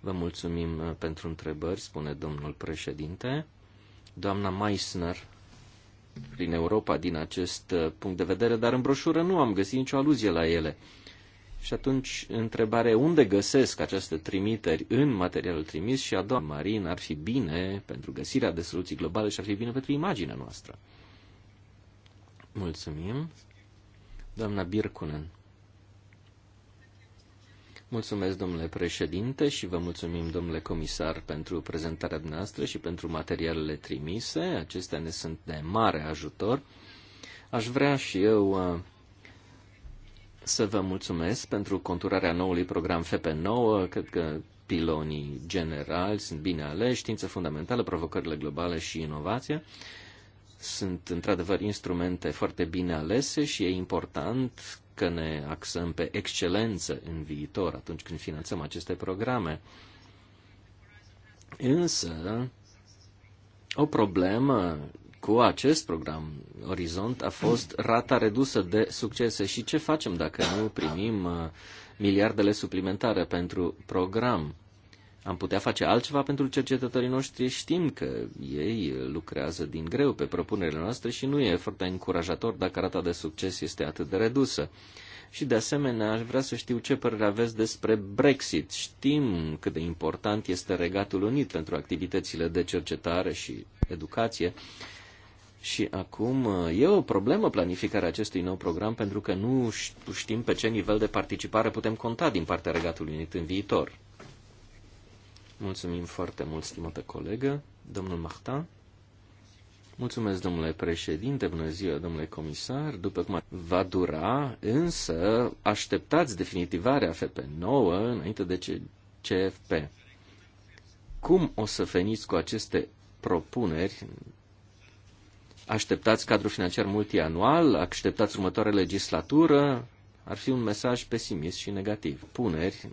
Vă mulțumim uh, pentru întrebări, spune domnul președinte. Doamna Meissner, prin Europa din acest uh, punct de vedere, dar în broșură nu am găsit nicio aluzie la ele. Și atunci, întrebare, unde găsesc aceste trimiteri în materialul trimis și a doua marin ar fi bine pentru găsirea de soluții globale și ar fi bine pentru imaginea noastră. Mulțumim. Doamna Birkunen. Mulțumesc, domnule președinte, și vă mulțumim, domnule comisar, pentru prezentarea noastră și pentru materialele trimise. Acestea ne sunt de mare ajutor. Aș vrea și eu uh, să vă mulțumesc pentru conturarea noului program FP9. Cred că pilonii generali sunt bine aleși, știință fundamentală, provocările globale și inovația Sunt într-adevăr instrumente foarte bine alese și e important că ne axăm pe excelență în viitor atunci când finanțăm aceste programe. Însă, o problemă cu acest program Orizont a fost rata redusă de succese. Și ce facem dacă nu primim uh, miliardele suplimentare pentru program? Am putea face altceva pentru cercetătorii noștri. Știm că ei lucrează din greu pe propunerile noastre și nu e foarte încurajator dacă rata de succes este atât de redusă. Și de asemenea, aș vrea să știu ce părere aveți despre Brexit. Știm cât de important este Regatul Unit pentru activitățile de cercetare și educație și acum uh, e o problemă planificarea acestui nou program pentru că nu știm pe ce nivel de participare putem conta din partea Regatului Unit în viitor. Mulțumim foarte mult, stimată colegă, domnul Mahta. Mulțumesc, domnule președinte, bună ziua, domnule comisar. După cum va dura, însă așteptați definitivarea FP9 înainte de CFP. Cum o să veniți cu aceste propuneri așteptați cadrul financiar multianual, așteptați următoarea legislatură, ar fi un mesaj pesimist și negativ. Puneri,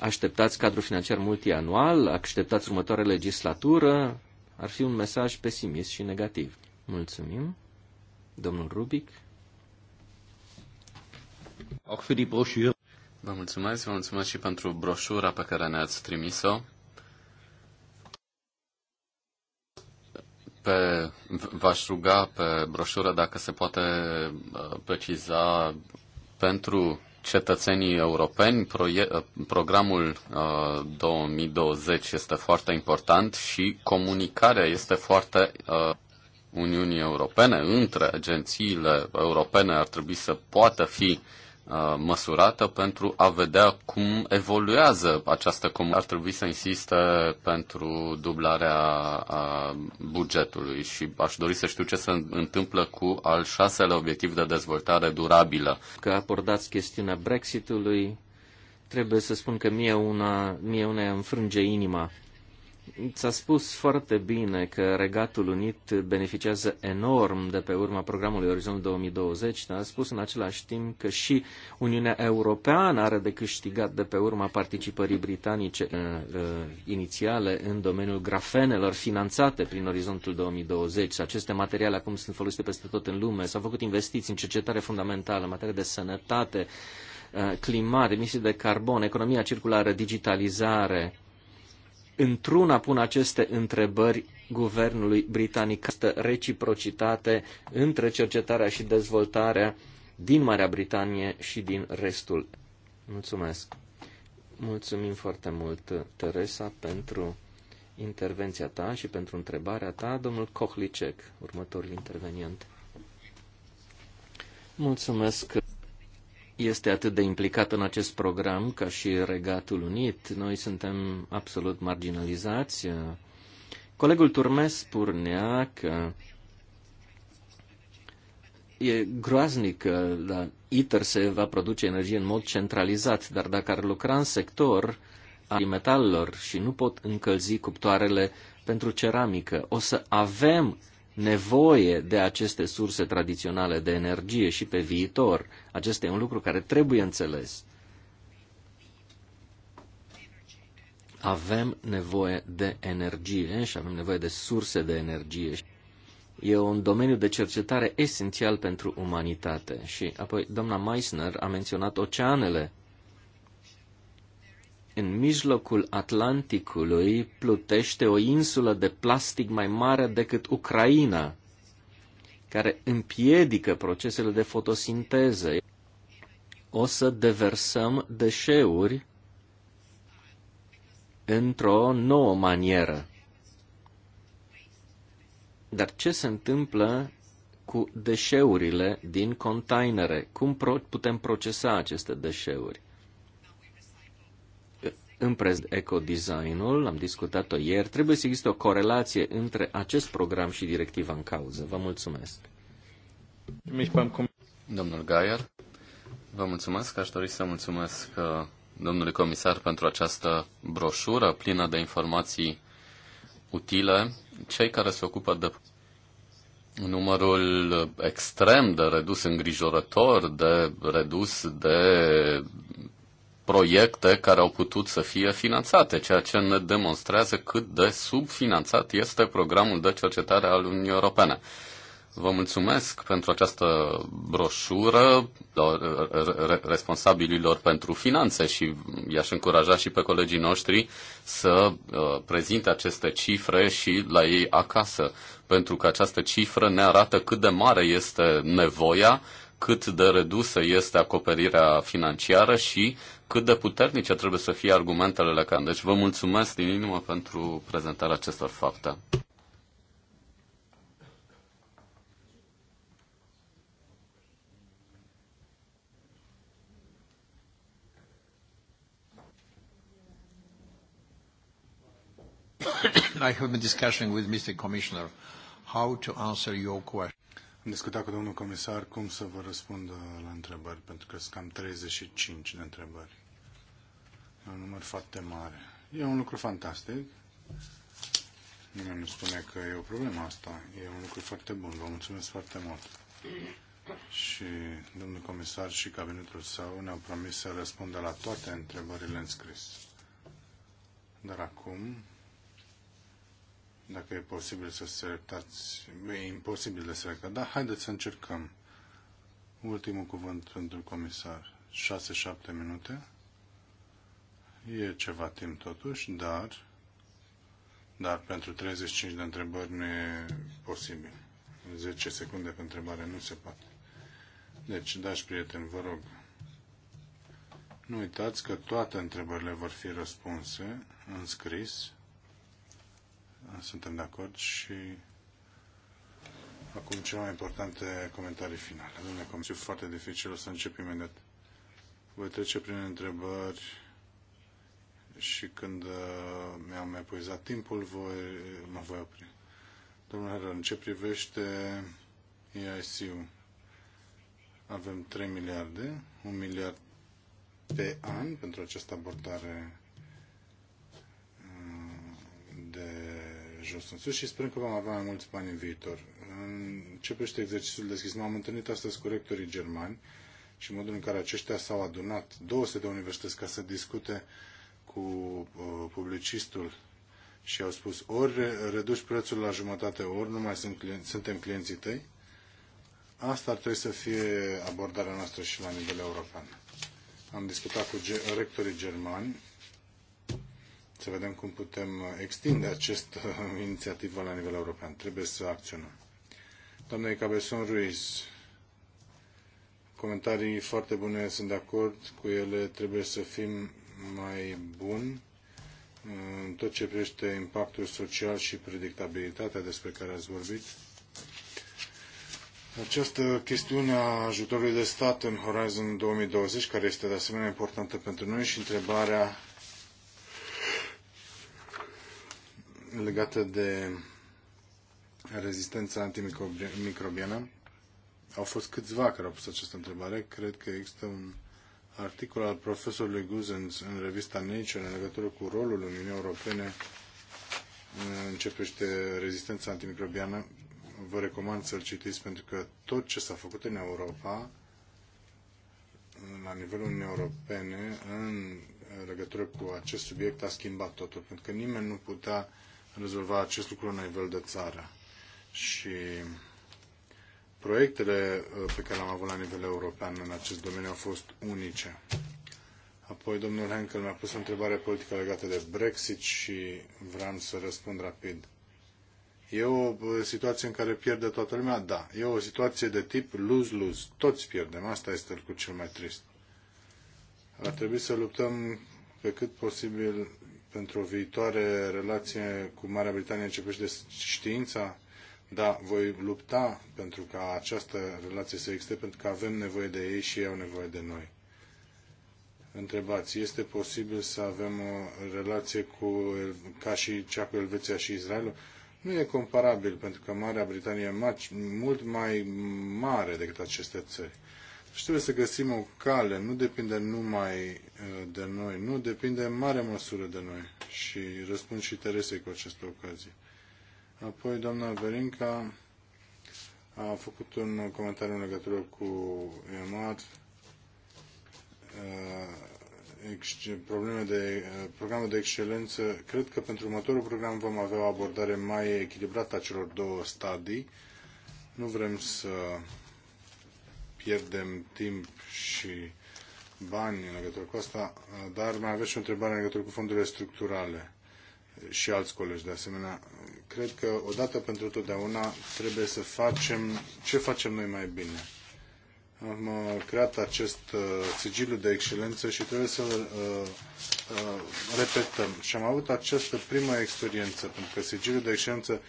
așteptați cadrul financiar multianual, așteptați următoarea legislatură, ar fi un mesaj pesimist și negativ. Mulțumim. Domnul Rubic. Vă mulțumesc, vă mulțumesc și pentru broșura pe care ne-ați trimis-o. pe, v-aș ruga pe broșură dacă se poate uh, preciza pentru cetățenii europeni, uh, programul 2020 uh, este foarte important și comunicarea este foarte Uniunii Europene, între agențiile europene ar trebui să poată fi uh, Uh, măsurată pentru a vedea cum evoluează această comunitate. Ar trebui să insiste pentru dublarea a uh, bugetului și aș dori să știu ce se întâmplă cu al șaselea obiectiv de dezvoltare durabilă. Că abordați chestiunea Brexitului, trebuie să spun că mie una, mie una înfrânge inima S-a spus foarte bine că Regatul Unit beneficiază enorm de pe urma programului Orizont 2020, dar a spus în același timp că și Uniunea Europeană are de câștigat de pe urma participării britanice uh, uh inițiale în domeniul grafenelor finanțate prin Orizontul 2020. Aceste materiale acum sunt folosite peste tot în lume. S-au făcut investiții în cercetare fundamentală, în materie de sănătate, uh, climat, emisii de carbon, economia circulară, digitalizare într-una pun aceste întrebări guvernului britanic. această reciprocitate între cercetarea și dezvoltarea din Marea Britanie și din restul. Mulțumesc! Mulțumim foarte mult, Teresa, pentru intervenția ta și pentru întrebarea ta. Domnul Kohlicek, următorul intervenient. Mulțumesc! este atât de implicat în acest program ca și Regatul Unit. Noi suntem absolut marginalizați. Colegul Turmes spunea că e groaznic că la ITER se va produce energie în mod centralizat, dar dacă ar lucra în sector al metalelor și nu pot încălzi cuptoarele pentru ceramică, o să avem nevoie de aceste surse tradiționale de energie și pe viitor. Acesta e un lucru care trebuie înțeles. Avem nevoie de energie și avem nevoie de surse de energie. E un domeniu de cercetare esențial pentru umanitate. Și apoi, doamna Meissner a menționat oceanele în mijlocul Atlanticului plutește o insulă de plastic mai mare decât Ucraina, care împiedică procesele de fotosinteză. O să deversăm deșeuri într-o nouă manieră. Dar ce se întâmplă cu deșeurile din containere? Cum putem procesa aceste deșeuri? în prezent ecodesignul, am discutat-o ieri, trebuie să existe o corelație între acest program și directiva în cauză. Vă mulțumesc. Domnul Gaier, vă mulțumesc. Aș dori să mulțumesc uh, domnului comisar pentru această broșură plină de informații utile. Cei care se ocupă de numărul extrem de redus îngrijorător, de redus de proiecte care au putut să fie finanțate, ceea ce ne demonstrează cât de subfinanțat este programul de cercetare al Uniunii Europene. Vă mulțumesc pentru această broșură responsabililor pentru finanțe și i-aș încuraja și pe colegii noștri să uh, prezinte aceste cifre și la ei acasă, pentru că această cifră ne arată cât de mare este nevoia, cât de redusă este acoperirea financiară și cât de puternice trebuie să fie argumentele Lacan. Deci vă mulțumesc din inimă pentru prezentarea acestor fapte. I have been discussing with Mr. Commissioner how to answer your question. Am discutat cu domnul comisar cum să vă răspund la întrebări, pentru că sunt cam 35 de întrebări. E un număr foarte mare. E un lucru fantastic. Nimeni nu spune că e o problemă asta. E un lucru foarte bun. Vă mulțumesc foarte mult. Și domnul comisar și cabinetul său ne-au promis să răspundă la toate întrebările înscris. Dar acum dacă e posibil să selectați, e imposibil de selectat, dar haideți să încercăm. Ultimul cuvânt pentru comisar, 6-7 minute. E ceva timp totuși, dar, dar pentru 35 de întrebări nu e posibil. 10 secunde pe întrebare nu se poate. Deci, dași prieteni, vă rog, nu uitați că toate întrebările vor fi răspunse în scris suntem de acord și acum cele mai importante comentarii finale. Domnule Comisiu, foarte dificil, o să încep imediat. Voi trece prin întrebări și când uh, mi-am epuizat timpul, voi, mă voi opri. Domnule Herăr, în ce privește EIC-ul? Avem 3 miliarde, 1 miliard pe an pentru această abordare uh, de jos în sus și sperăm că vom avea mai mulți bani în viitor. În ce privește exercițiul deschis, m-am întâlnit astăzi cu rectorii germani și modul în care aceștia s-au adunat 200 de universități ca să discute cu uh, publicistul și au spus ori reduci prețul la jumătate, ori nu mai sunt clienți, suntem clienții tăi. Asta ar trebui să fie abordarea noastră și la nivel european. Am discutat cu rectorii germani să vedem cum putem extinde această uh, inițiativă la nivel european. Trebuie să acționăm. Doamne Cabeson Ruiz, comentarii foarte bune, sunt de acord cu ele, trebuie să fim mai buni uh, în tot ce privește impactul social și predictabilitatea despre care ați vorbit. Această chestiune a ajutorului de stat în Horizon 2020, care este de asemenea importantă pentru noi și întrebarea legată de rezistența antimicrobiană. Au fost câțiva care au pus această întrebare. Cred că există un articol al profesorului Guzens în revista Nature în legătură cu rolul Uniunii Europene în ce privește rezistența antimicrobiană. Vă recomand să-l citiți pentru că tot ce s-a făcut în Europa, la nivelul Uniunii Europene, în legătură cu acest subiect, a schimbat totul. Pentru că nimeni nu putea uh, rezolva acest lucru la nivel de țară. Și proiectele uh, pe care le-am avut la nivel european în acest domeniu au fost unice. Apoi domnul Henkel mi-a pus o întrebare politică legată de Brexit și vreau să răspund rapid. E o uh, situație în care pierde toată lumea? Da. E o situație de tip lose-lose. Toți pierdem. Asta este lucrul cel mai trist. Ar trebui să luptăm pe cât posibil pentru o viitoare relație cu Marea Britanie de știința, da, voi lupta pentru ca această relație să existe, pentru că avem nevoie de ei și ei au nevoie de noi. Întrebați, este posibil să avem o relație cu, ca și cea cu Elveția și Israelul? Nu e comparabil, pentru că Marea Britanie e mult mai mare decât aceste țări și trebuie să găsim o cale. Nu depinde numai uh, de noi, nu depinde în mare măsură de noi. Și răspund și Teresei cu această ocazie. Apoi, doamna Verinca a făcut un comentariu în legătură cu EMAR, uh, probleme de uh, programul de excelență. Cred că pentru următorul program vom avea o abordare mai echilibrată a celor două stadii. Nu vrem să pierdem timp și bani în legătură cu asta, dar mai aveți și o întrebare în legătură cu fondurile structurale și alți colegi de asemenea. Cred că odată pentru totdeauna trebuie să facem ce facem noi mai bine. Am uh, creat acest uh, sigiliu de excelență și trebuie să-l uh, uh, repetăm. Și am avut această primă experiență, pentru că sigiliul de excelență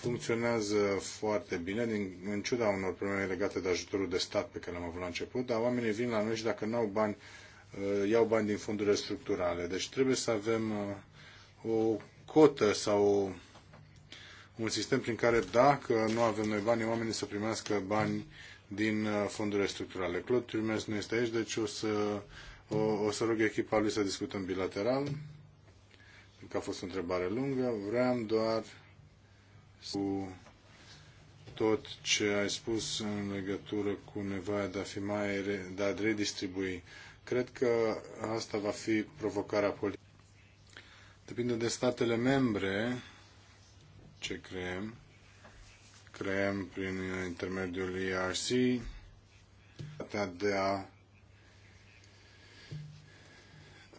funcționează foarte bine, din, în ciuda unor probleme legate de ajutorul de stat pe care l-am avut la început, dar oamenii vin la noi și dacă nu au bani, uh, iau bani din fondurile structurale. Deci trebuie să avem uh, o cotă sau un sistem prin care dacă nu avem noi bani, oamenii să primească bani din uh, fondurile structurale. Claude Turmes nu este aici, deci o să, o, o să rog echipa lui să discutăm bilateral, pentru că a fost o întrebare lungă. Vreau doar cu tot ce ai spus în legătură cu nevoia de a, fi mai, de a redistribui. Cred că asta va fi provocarea politică. Depinde de statele membre ce creăm. Creăm prin intermediul ERC de a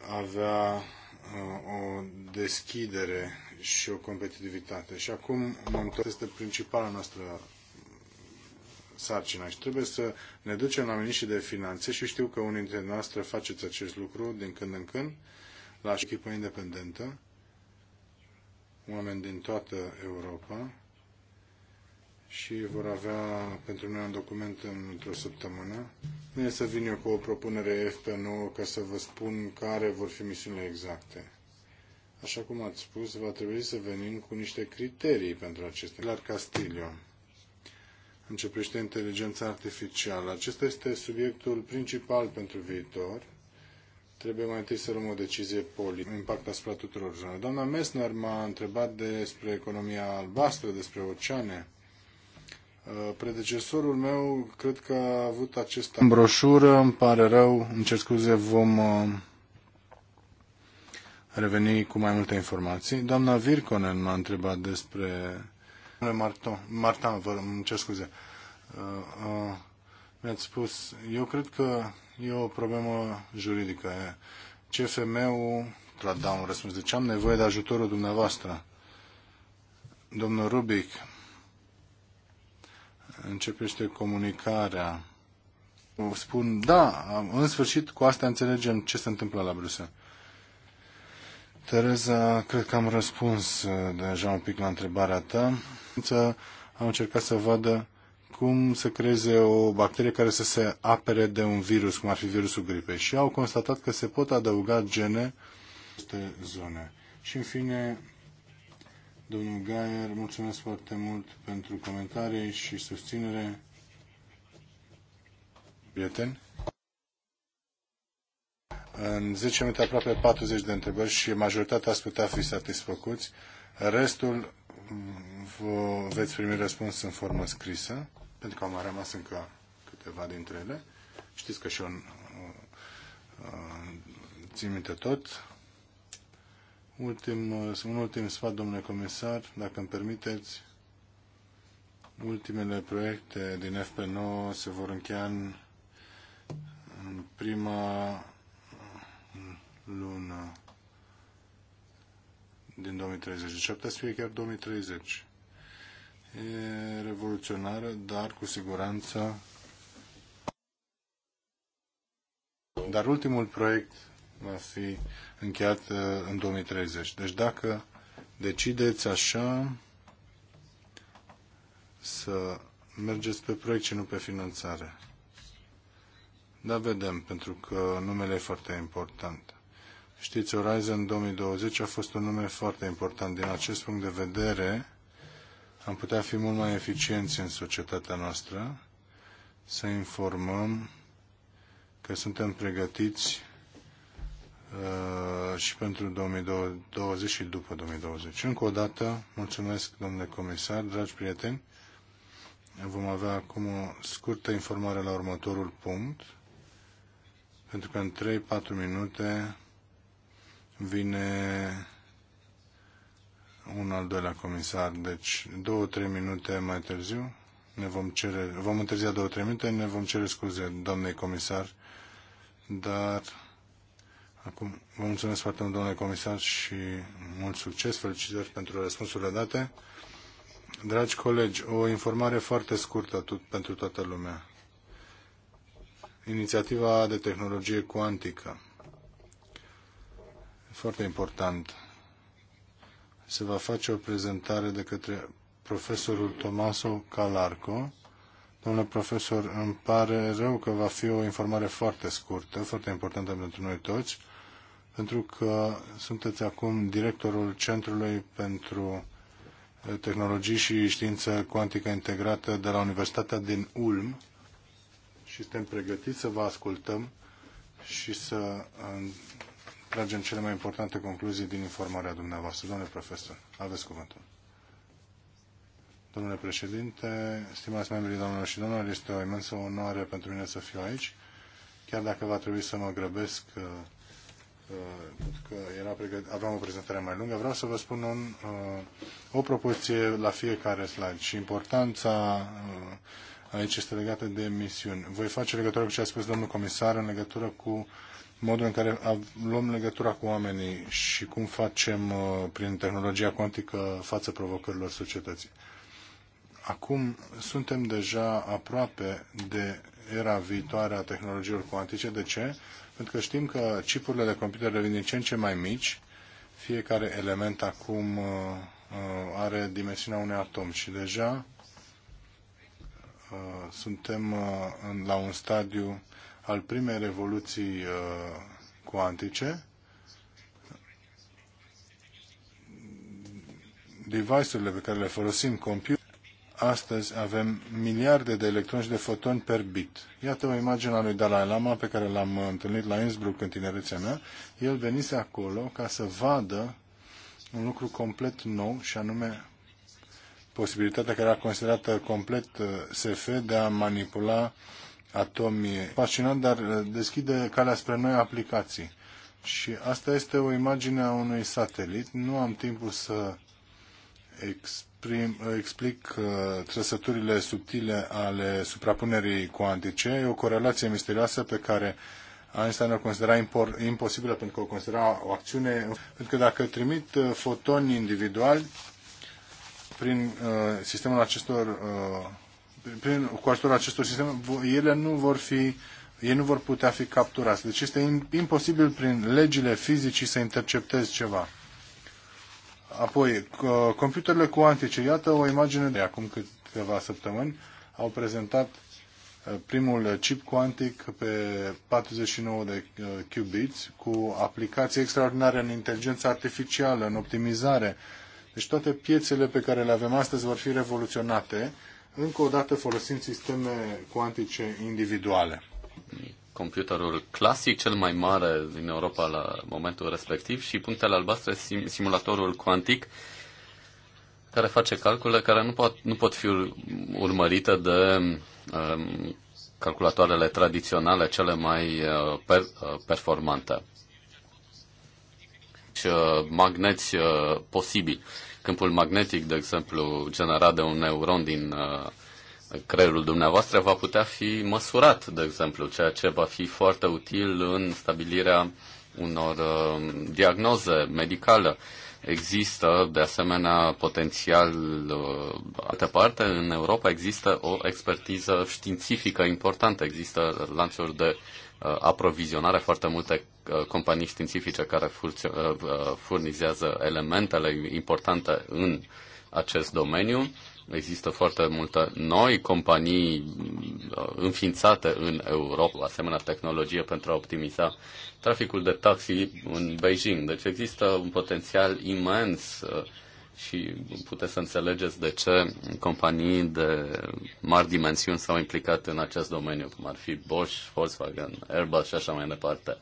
avea uh, o deschidere și o competitivitate. Și acum întorc, este principala noastră sarcina și trebuie să ne ducem la miniștri de finanțe și știu că unii dintre noastre faceți acest lucru din când în când la echipă independentă, oameni din toată Europa și vor avea pentru noi un document într-o săptămână. Nu e să vin eu cu o propunere FP9 ca să vă spun care vor fi misiunile exacte. Așa cum ați spus, va trebui să venim cu niște criterii pentru aceste. Clar Castilio începește inteligența artificială. Acesta este subiectul principal pentru viitor. Trebuie mai întâi să luăm o decizie politică, impact asupra tuturor zonelor. Doamna Messner m-a întrebat despre economia albastră, despre oceane. Uh, predecesorul meu cred că a avut acesta. În broșură, îmi pare rău, îmi cer scuze, vom uh, reveni cu mai multe informații. Doamna Virconen m-a întrebat despre... martan, Martin, vă cer scuze. Uh, uh, mi-ați spus, eu cred că e o problemă juridică. CFM-ul, la da un răspuns, deci am nevoie de ajutorul dumneavoastră. Domnul Rubic, începește comunicarea. Spun, da, în sfârșit, cu asta înțelegem ce se întâmplă la Bruxelles. Tereza, cred că am răspuns uh, deja un pic la întrebarea ta. Am încercat să vadă cum să creeze o bacterie care să se apere de un virus, cum ar fi virusul gripei. Și au constatat că se pot adăuga gene aceste zone. Și în fine, domnul Gaier, mulțumesc foarte mult pentru comentarii și susținere. Prieteni? În 10 minute aproape 40 de întrebări și majoritatea ați putea fi satisfăcuți. Restul veți primi răspuns în formă scrisă, pentru că am mai rămas încă câteva dintre ele. Știți că și eu uh, țin minte tot. Ultim, uh, un ultim sfat, domnule comisar, dacă îmi permiteți. Ultimele proiecte din FP9 se vor încheia în, în prima lună din 2030. 2037, să fie chiar 2030. E revoluționară, dar cu siguranță. Dar ultimul proiect va fi încheiat uh, în 2030. Deci dacă decideți așa să mergeți pe proiect și nu pe finanțare. Da, vedem, pentru că numele e foarte important. Știți, Horizon 2020 a fost un nume foarte important. Din acest punct de vedere, am putea fi mult mai eficienți în societatea noastră, să informăm că suntem pregătiți uh, și pentru 2020 și după 2020. Încă o dată, mulțumesc, domnule comisar, dragi prieteni. Vom avea acum o scurtă informare la următorul punct, pentru că în 3-4 minute vine un al doilea comisar, deci două-trei minute mai târziu ne vom cere, vom întârzia două-trei minute, ne vom cere scuze doamnei comisar, dar acum vă mulțumesc foarte mult, domnule comisar, și mult succes, felicitări pentru răspunsurile date. Dragi colegi, o informare foarte scurtă tot, pentru toată lumea. Inițiativa de tehnologie cuantică foarte important. Se va face o prezentare de către profesorul Tomaso Calarco. Domnule profesor, îmi pare rău că va fi o informare foarte scurtă, foarte importantă pentru noi toți, pentru că sunteți acum directorul Centrului pentru eh, Tehnologii și Știință Cuantică Integrată de la Universitatea din Ulm și suntem pregătiți să vă ascultăm și să eh, tragem cele mai importante concluzii din informarea dumneavoastră. Domnule profesor, aveți cuvântul. Domnule președinte, stimați membrii domnilor și domnilor, este o imensă onoare pentru mine să fiu aici, chiar dacă va trebui să mă grăbesc pentru uh, uh, că era pregăt... aveam o prezentare mai lungă. Vreau să vă spun un, uh, o propoziție la fiecare slide și importanța aici este legată de misiuni. Voi face legătură cu ce a spus domnul comisar în legătură cu modul în care luăm legătura cu oamenii și cum facem uh, prin tehnologia cuantică față provocărilor societății. Acum suntem deja aproape de era viitoare a tehnologiilor cuantice. De ce? Pentru că știm că chipurile de computer devin din ce în ce mai mici. Fiecare element acum uh, uh, are dimensiunea unui atom și deja suntem la un stadiu al primei revoluții uh, cuantice, device-urile pe care le folosim, computer, astăzi avem miliarde de electroni și de fotoni per bit. Iată o imagine a lui Dalai Lama pe care l-am întâlnit la Innsbruck în tinerețea mea. El venise acolo ca să vadă un lucru complet nou și anume posibilitatea care era considerată complet uh, SF de a manipula atomi. Fascinant, dar uh, deschide calea spre noi aplicații. Și asta este o imagine a unui satelit. Nu am timpul să exprim, uh, explic uh, trăsăturile subtile ale suprapunerii cuantice. E o corelație misterioasă pe care Einstein o considera impor, imposibilă pentru că o considera o acțiune. Pentru că dacă trimit fotoni individuali prin uh, sistemul acestor uh, prin, cu ajutorul acestor sisteme, ele nu vor fi ei nu vor putea fi capturați. Deci este imposibil prin legile fizicii să interceptezi ceva. Apoi, computerele cuantice. Iată o imagine de acum câteva săptămâni. Au prezentat uh, primul chip cuantic pe 49 de uh, qubits cu aplicații extraordinare în inteligența artificială, în optimizare. Deci toate piețele pe care le avem astăzi vor fi revoluționate încă o dată folosind sisteme cuantice individuale. Computerul clasic, cel mai mare din Europa la momentul respectiv, și punctele albastre, sim- simulatorul cuantic, care face calcule care nu pot, nu pot fi urmărite de um, calculatoarele tradiționale cele mai uh, per, uh, performante. Și deci, uh, magneți uh, posibili câmpul magnetic, de exemplu, generat de un neuron din uh, creierul dumneavoastră va putea fi măsurat, de exemplu, ceea ce va fi foarte util în stabilirea unor uh, diagnoze medicale. Există, de asemenea, potențial, uh, altă parte, în Europa există o expertiză științifică importantă, există lanțuri de uh, Uh, aprovizionare, foarte multe uh, companii științifice care uh, furnizează elementele importante în acest domeniu. Există foarte multe noi companii înființate în Europa, asemenea tehnologie pentru a optimiza traficul de taxi în Beijing. Deci există un potențial imens și puteți să înțelegeți de ce companii de mari dimensiuni s-au implicat în acest domeniu, cum ar fi Bosch, Volkswagen, Airbus și așa mai departe.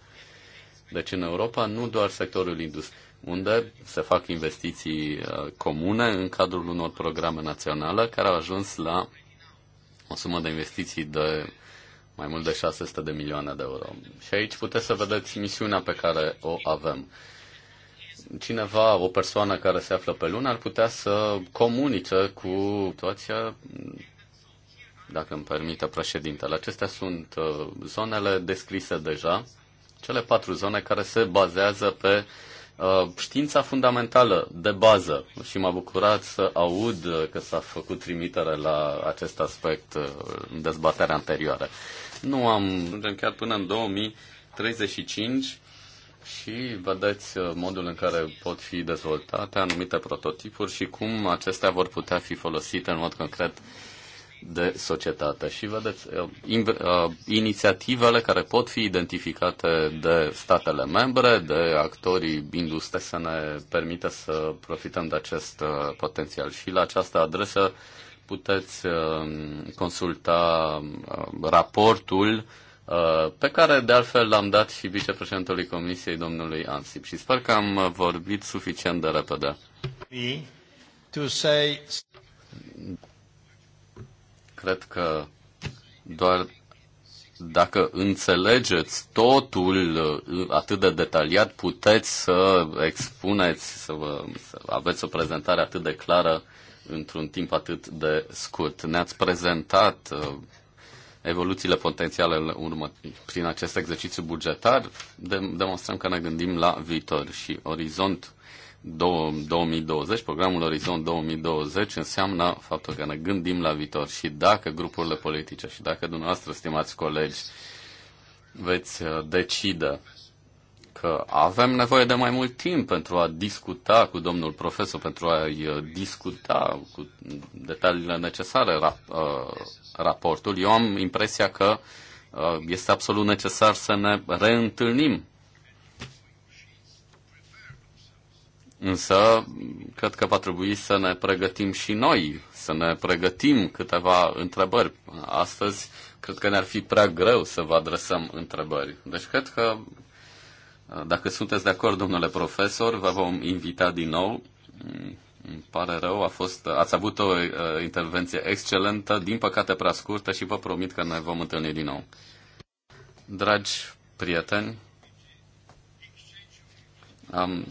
Deci în Europa nu doar sectorul industriei, unde se fac investiții uh, comune în cadrul unor programe naționale care au ajuns la o sumă de investiții de mai mult de 600 de milioane de euro. Și aici puteți să vedeți misiunea pe care o avem cineva, o persoană care se află pe lună, ar putea să comunice cu situația, uh, dacă îmi permite președintele. Acestea sunt uh, zonele descrise deja, cele patru zone care se bazează pe uh, știința fundamentală de bază și m-a bucurat să aud că s-a făcut trimitere la acest aspect în dezbaterea anterioară. Nu am chiar până în 2035 și vedeți uh, modul în care pot fi dezvoltate anumite prototipuri și cum acestea vor putea fi folosite în mod concret de societate. Și vedeți uh, uh, inițiativele care pot fi identificate de statele membre, de actorii industrie să ne permită să profităm de acest potențial. Și la această adresă puteți consulta raportul Uh, pe care de altfel l-am dat și vicepreședintelui Comisiei, domnului Ansip. Și sper că am uh, vorbit suficient de repede. Cred că doar dacă înțelegeți totul uh, atât de detaliat, puteți să expuneți, să, vă, să aveți o prezentare atât de clară într-un timp atât de scurt. Ne-ați prezentat evoluțiile potențiale urmă, prin acest exercițiu bugetar, de, demonstrăm că ne gândim la viitor și Orizont 2020, programul Orizont 2020 înseamnă faptul că ne gândim la viitor și dacă grupurile politice și dacă dumneavoastră, stimați colegi, veți uh, decide că avem nevoie de mai mult timp pentru a discuta cu domnul profesor, pentru a-i uh, discuta cu detaliile necesare rap, uh, raportul. Eu am impresia că uh, este absolut necesar să ne reîntâlnim. Însă, cred că va trebui să ne pregătim și noi, să ne pregătim câteva întrebări. Astăzi, cred că ne-ar fi prea greu să vă adresăm întrebări. Deci, cred că, uh, dacă sunteți de acord, domnule profesor, vă vom invita din nou îmi pare rău, a fost, ați avut o uh, intervenție excelentă, din păcate prea scurtă și vă promit că ne vom întâlni din nou. Dragi prieteni, am,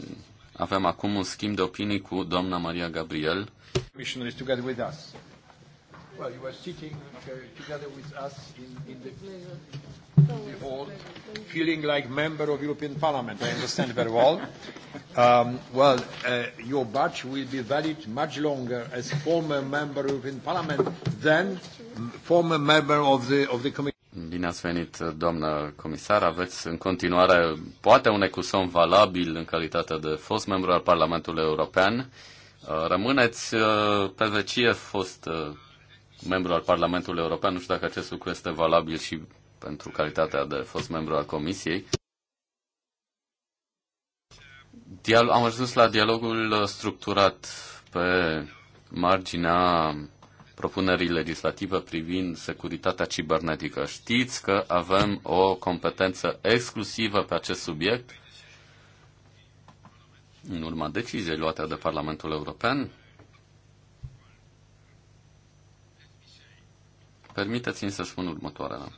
avem acum un schimb de opinii cu doamna Maria Gabriel well, you were sitting uh, together with us in, in, the, in the hall, feeling like member of European Parliament. I understand very well. Um, well, uh, your badge will be valid much longer as former member of European Parliament than former member of the, of the Committee. Bine ați venit, doamnă comisar. Aveți în continuare poate un ecuson valabil în calitate de fost membru al Parlamentului European. Uh, rămâneți uh, pe vecie fost uh, membru al Parlamentului European. Nu știu dacă acest lucru este valabil și pentru calitatea de fost membru al Comisiei. Dial- am ajuns la dialogul uh, structurat pe marginea propunerii legislative privind securitatea cibernetică. Știți că avem o competență exclusivă pe acest subiect în urma deciziei luate de Parlamentul European Permiteți-mi să spun următoarele.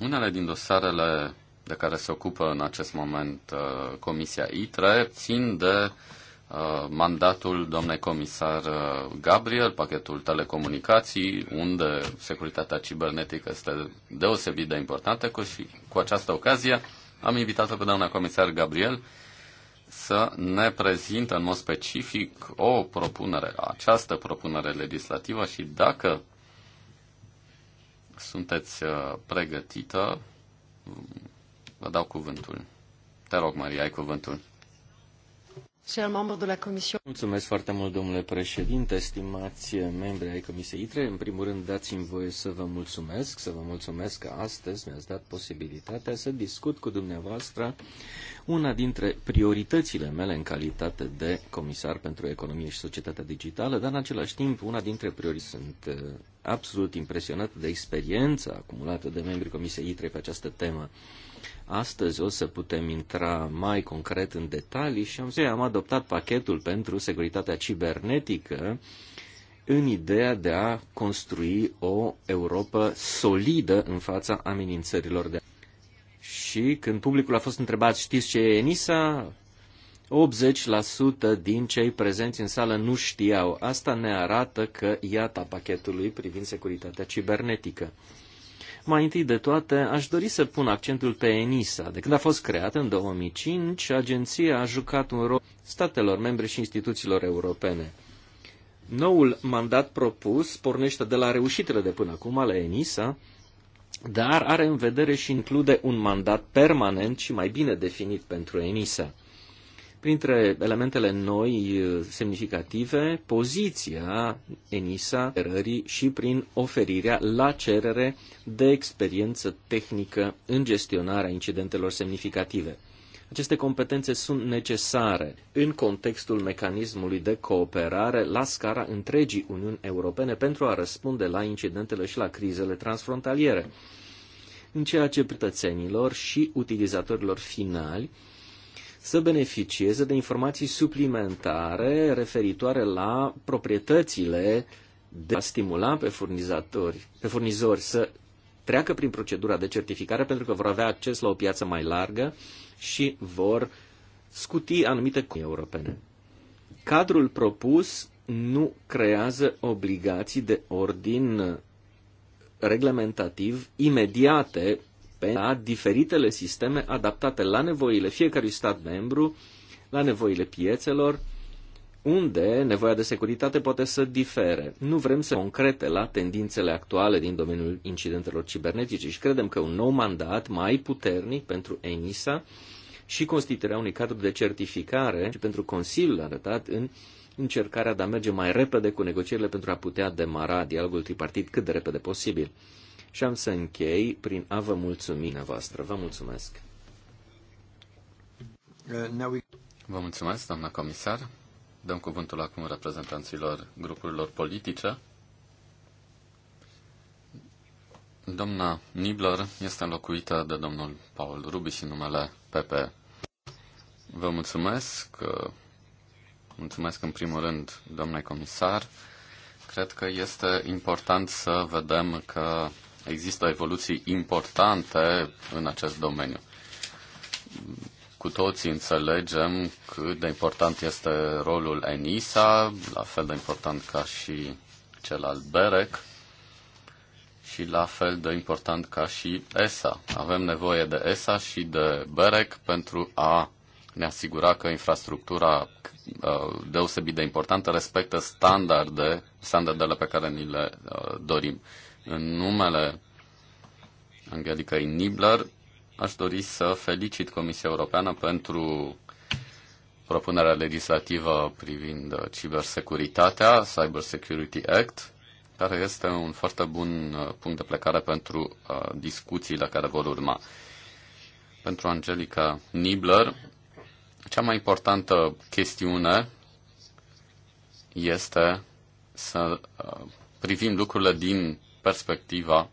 Unele din dosarele de care se ocupă în acest moment uh, Comisia ITRE țin de uh, mandatul domnului comisar uh, Gabriel, pachetul telecomunicații, unde securitatea cibernetică este deosebit de importantă cu, și cu această ocazie am invitat-o pe doamna comisar Gabriel să ne prezintă în mod specific o propunere, această propunere legislativă și dacă sunteți uh, pregătită, vă dau cuvântul. Te rog, Maria, ai cuvântul. Mulțumesc foarte mult, domnule președinte, stimați membri ai Comisiei ITRE. În primul rând, dați-mi voie să vă mulțumesc, să vă mulțumesc că astăzi mi-ați dat posibilitatea să discut cu dumneavoastră una dintre prioritățile mele în calitate de comisar pentru economie și societatea digitală, dar în același timp una dintre priorități sunt uh, absolut impresionat de experiența acumulată de membrii Comisiei ITRE pe această temă. Astăzi o să putem intra mai concret în detalii și am zis, am adoptat pachetul pentru securitatea cibernetică în ideea de a construi o Europa solidă în fața amenințărilor de și când publicul a fost întrebat, știți ce e ENISA? 80% din cei prezenți în sală nu știau. Asta ne arată că iată pachetului privind securitatea cibernetică. Mai întâi de toate, aș dori să pun accentul pe ENISA. De când a fost creată în 2005, agenția a jucat un rol statelor membre și instituțiilor europene. Noul mandat propus pornește de la reușitele de până acum ale ENISA, dar are în vedere și include un mandat permanent și mai bine definit pentru ENISA. Printre elementele noi uh, semnificative, poziția ENISA erării și prin oferirea la cerere de experiență tehnică în gestionarea incidentelor semnificative. Aceste competențe sunt necesare în contextul mecanismului de cooperare la scara întregii Uniuni Europene pentru a răspunde la incidentele și la crizele transfrontaliere. În ceea ce cetățenilor și utilizatorilor finali să beneficieze de informații suplimentare referitoare la proprietățile de a stimula pe furnizatori, pe furnizori să treacă prin procedura de certificare pentru că vor avea acces la o piață mai largă și vor scuti anumite europene. Cadrul propus nu creează obligații de ordin reglementativ imediate a diferitele sisteme adaptate la nevoile fiecărui stat membru, la nevoile piețelor, unde nevoia de securitate poate să difere. Nu vrem să concrete la tendințele actuale din domeniul incidentelor cibernetice și credem că un nou mandat mai puternic pentru ENISA și constituirea unui cadru de certificare și pentru Consiliul arătat în încercarea de a merge mai repede cu negocierile pentru a putea demara dialogul tripartit cât de repede posibil. Și am să închei prin a vă mulțumi voastră. Vă mulțumesc! Uh, vă mulțumesc, doamna comisar. Dăm cuvântul acum reprezentanților grupurilor politice. Doamna Nibler este înlocuită de domnul Paul Rubi și numele PP. Vă mulțumesc. Mulțumesc în primul rând, domnule comisar. Cred că este important să vedem că există evoluții importante în acest domeniu. Cu toții înțelegem cât de important este rolul ENISA, la fel de important ca și cel al BEREC și la fel de important ca și ESA. Avem nevoie de ESA și de BEREC pentru a ne asigura că infrastructura uh, deosebit de importantă respectă standarde, standardele pe care ni le uh, dorim. În numele Angelica Nibler, aș dori să felicit Comisia Europeană pentru propunerea legislativă privind uh, cibersecuritatea, Cyber Security Act, care este un foarte bun punct de plecare pentru discuțiile care vor urma. Pentru Angelica Nibler, cea mai importantă chestiune este să uh, privim lucrurile din perspectiva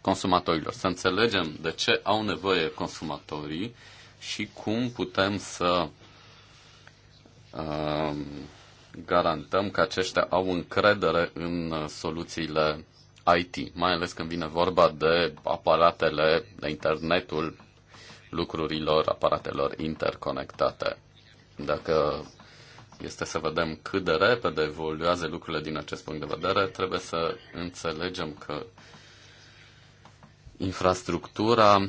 consumatorilor, să înțelegem de ce au nevoie consumatorii și cum putem să uh, garantăm că aceștia au încredere în soluțiile IT, mai ales când vine vorba de aparatele, de internetul lucrurilor, aparatelor interconectate. Dacă este să vedem cât de repede evoluează lucrurile din acest punct de vedere, trebuie să înțelegem că infrastructura,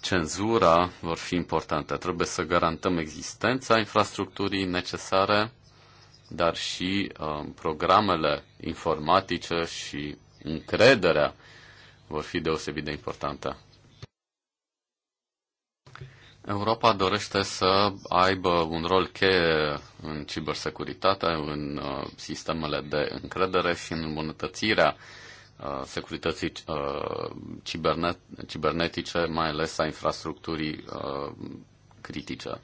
cenzura vor fi importante. Trebuie să garantăm existența infrastructurii necesare, dar și uh, programele informatice și încrederea vor fi deosebit de importante. Europa dorește să aibă un rol cheie în cibersecuritate, în uh, sistemele de încredere și în îmbunătățirea uh, securității uh, cibernet, cibernetice, mai ales a infrastructurii critice.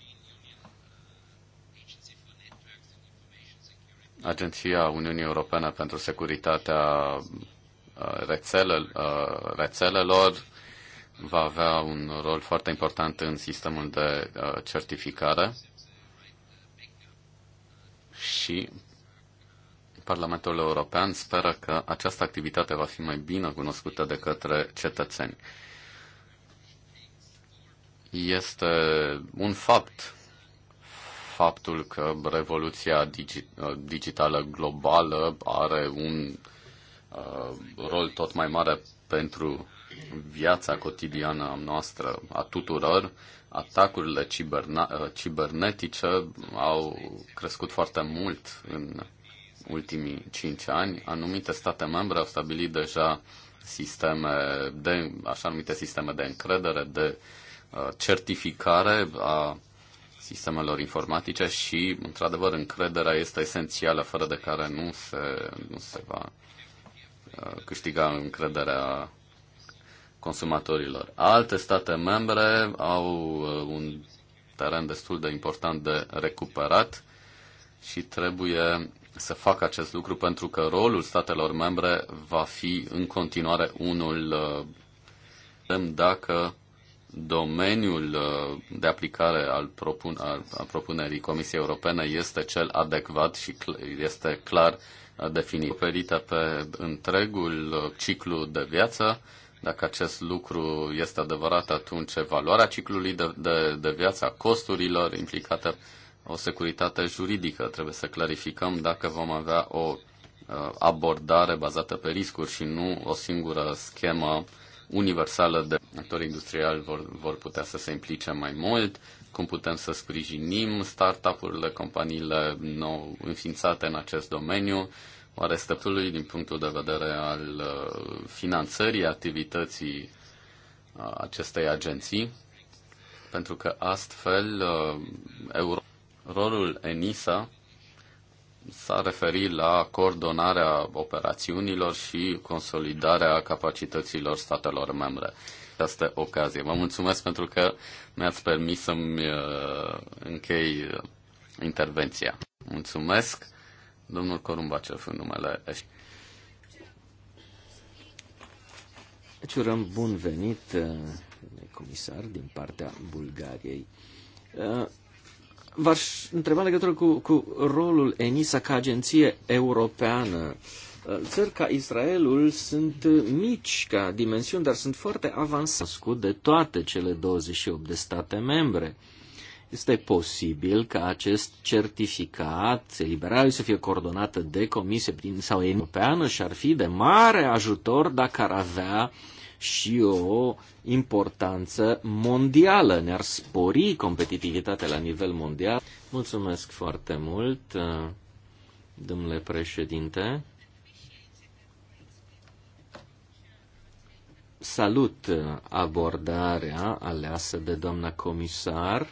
Agenția Uniunii Europene pentru Securitatea rețele, rețelelor va avea un rol foarte important în sistemul de uh, certificare și Parlamentul European speră că această activitate va fi mai bine cunoscută de către cetățeni. Este un fapt faptul că revoluția digi- uh, digitală globală are un uh, rol tot mai mare pentru viața cotidiană a noastră, a tuturor, atacurile ciberna- uh, cibernetice au crescut foarte mult în ultimii cinci ani. Anumite state membre au stabilit deja sisteme de, așa numite sisteme de încredere, de uh, certificare a sistemelor informatice și, într-adevăr, încrederea este esențială, fără de care nu se, nu se va uh, câștiga încrederea consumatorilor. Alte state membre au uh, un teren destul de important de recuperat și trebuie să facă acest lucru pentru că rolul statelor membre va fi în continuare unul uh, dacă domeniul uh, de aplicare al, propun, al, al propunerii Comisiei Europene este cel adecvat și cl- este clar definit. Acoperită pe întregul ciclu de viață dacă acest lucru este adevărat, atunci valoarea ciclului de, de, de viață, a costurilor implicate, o securitate juridică. Trebuie să clarificăm dacă vom avea o uh, abordare bazată pe riscuri și nu o singură schemă universală de actori industriali vor, vor putea să se implice mai mult, cum putem să sprijinim startup-urile, companiile nou înființate în acest domeniu, arestătului din punctul de vedere al uh, finanțării activității uh, acestei agenții, pentru că astfel uh, euro... rolul ENISA s-a referit la coordonarea operațiunilor și consolidarea capacităților statelor membre. Această ocazie. Vă mulțumesc pentru că mi-ați permis să-mi închei intervenția. Mulțumesc! Domnul Corumbacev, în numele Ești. Deci urăm bun venit, uh, comisar, din partea Bulgariei. Uh, v-aș întreba în legătură cu, cu rolul ENISA ca agenție europeană. Uh, țări ca Israelul sunt mici ca dimensiuni, dar sunt foarte avansate de toate cele 28 de state membre. Uh, este posibil ca acest certificat eliberare să fie coordonată de comisie prin, sau europeană și ar fi de mare ajutor dacă ar avea și o importanță mondială. Ne-ar spori competitivitatea la nivel mondial. Mulțumesc foarte mult, domnule președinte. Salut abordarea aleasă de doamna comisar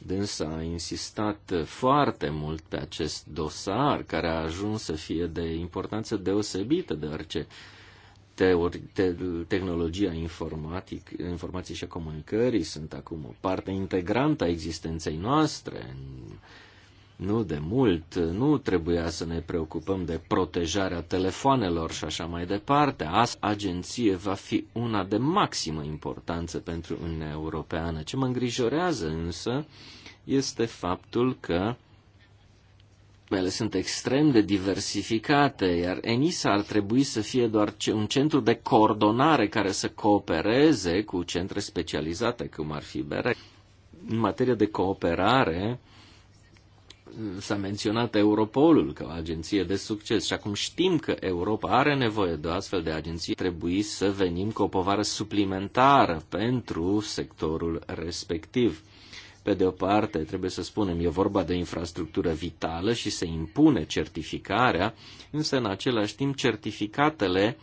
Dânsa a insistat foarte mult pe acest dosar, care a ajuns să fie de importanță deosebită, deoarece teori, te, tehnologia informatic, informației și a comunicării sunt acum o parte integrantă a existenței noastre nu de mult, nu trebuia să ne preocupăm de protejarea telefoanelor și așa mai departe. Asta agenție va fi una de maximă importanță pentru Uniunea Europeană. Ce mă îngrijorează însă este faptul că ele sunt extrem de diversificate, iar ENISA ar trebui să fie doar un centru de coordonare care să coopereze cu centre specializate, cum ar fi BRE. În materie de cooperare, s-a menționat Europolul ca o agenție de succes și acum știm că Europa are nevoie de o astfel de agenție, trebuie să venim cu o povară suplimentară pentru sectorul respectiv. Pe de o parte, trebuie să spunem, e vorba de infrastructură vitală și se impune certificarea, însă în același timp certificatele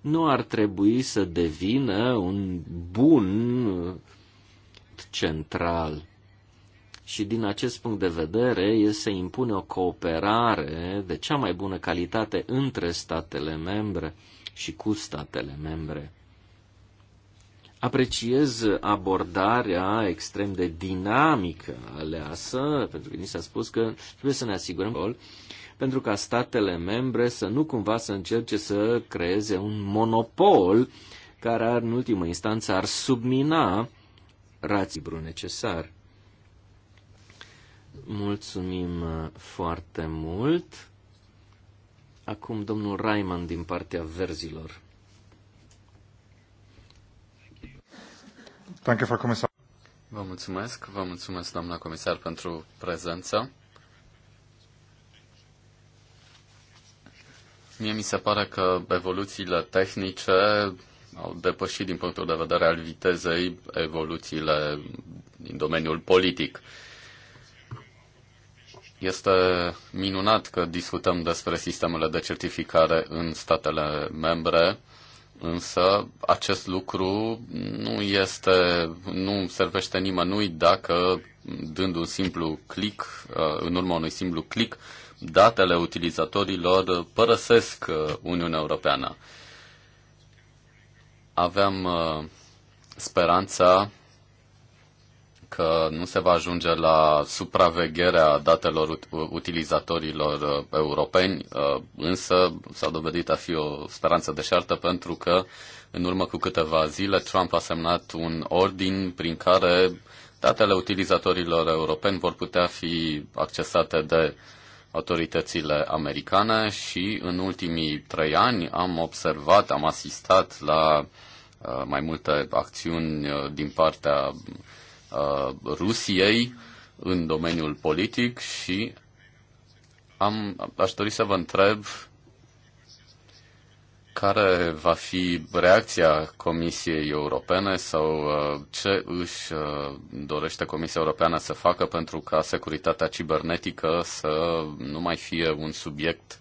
nu ar trebui să devină un bun central și din acest punct de vedere se impune o cooperare de cea mai bună calitate între statele membre și cu statele membre. Apreciez abordarea extrem de dinamică aleasă, pentru că ni s-a spus că trebuie să ne asigurăm rol, pentru ca statele membre să nu cumva să încerce să creeze un monopol care, ar, în ultimă instanță, ar submina rații necesar. Mulțumim uh, foarte mult. Acum domnul Raiman din partea verzilor. Vă mulțumesc, vă mulțumesc, doamna comisar, pentru prezență. Mie mi se pare că evoluțiile tehnice au depășit din punctul de vedere al vitezei evoluțiile din domeniul politic. Este minunat că discutăm despre sistemele de certificare în statele membre, însă acest lucru nu este, nu servește nimănui dacă dând un simplu click, uh, în urma unui simplu click, datele utilizatorilor părăsesc uh, Uniunea Europeană. Aveam uh, speranța că nu se va ajunge la supravegherea datelor utilizatorilor uh, europeni, uh, însă s-a dovedit a fi o speranță deșartă pentru că în urmă cu câteva zile Trump a semnat un ordin prin care datele utilizatorilor europeni vor putea fi accesate de autoritățile americane și în ultimii trei ani am observat, am asistat la uh, mai multe acțiuni din partea Uh, Rusiei în domeniul politic și am, aș dori să vă întreb care va fi reacția Comisiei Europene sau uh, ce își uh, dorește Comisia Europeană să facă pentru ca securitatea cibernetică să nu mai fie un subiect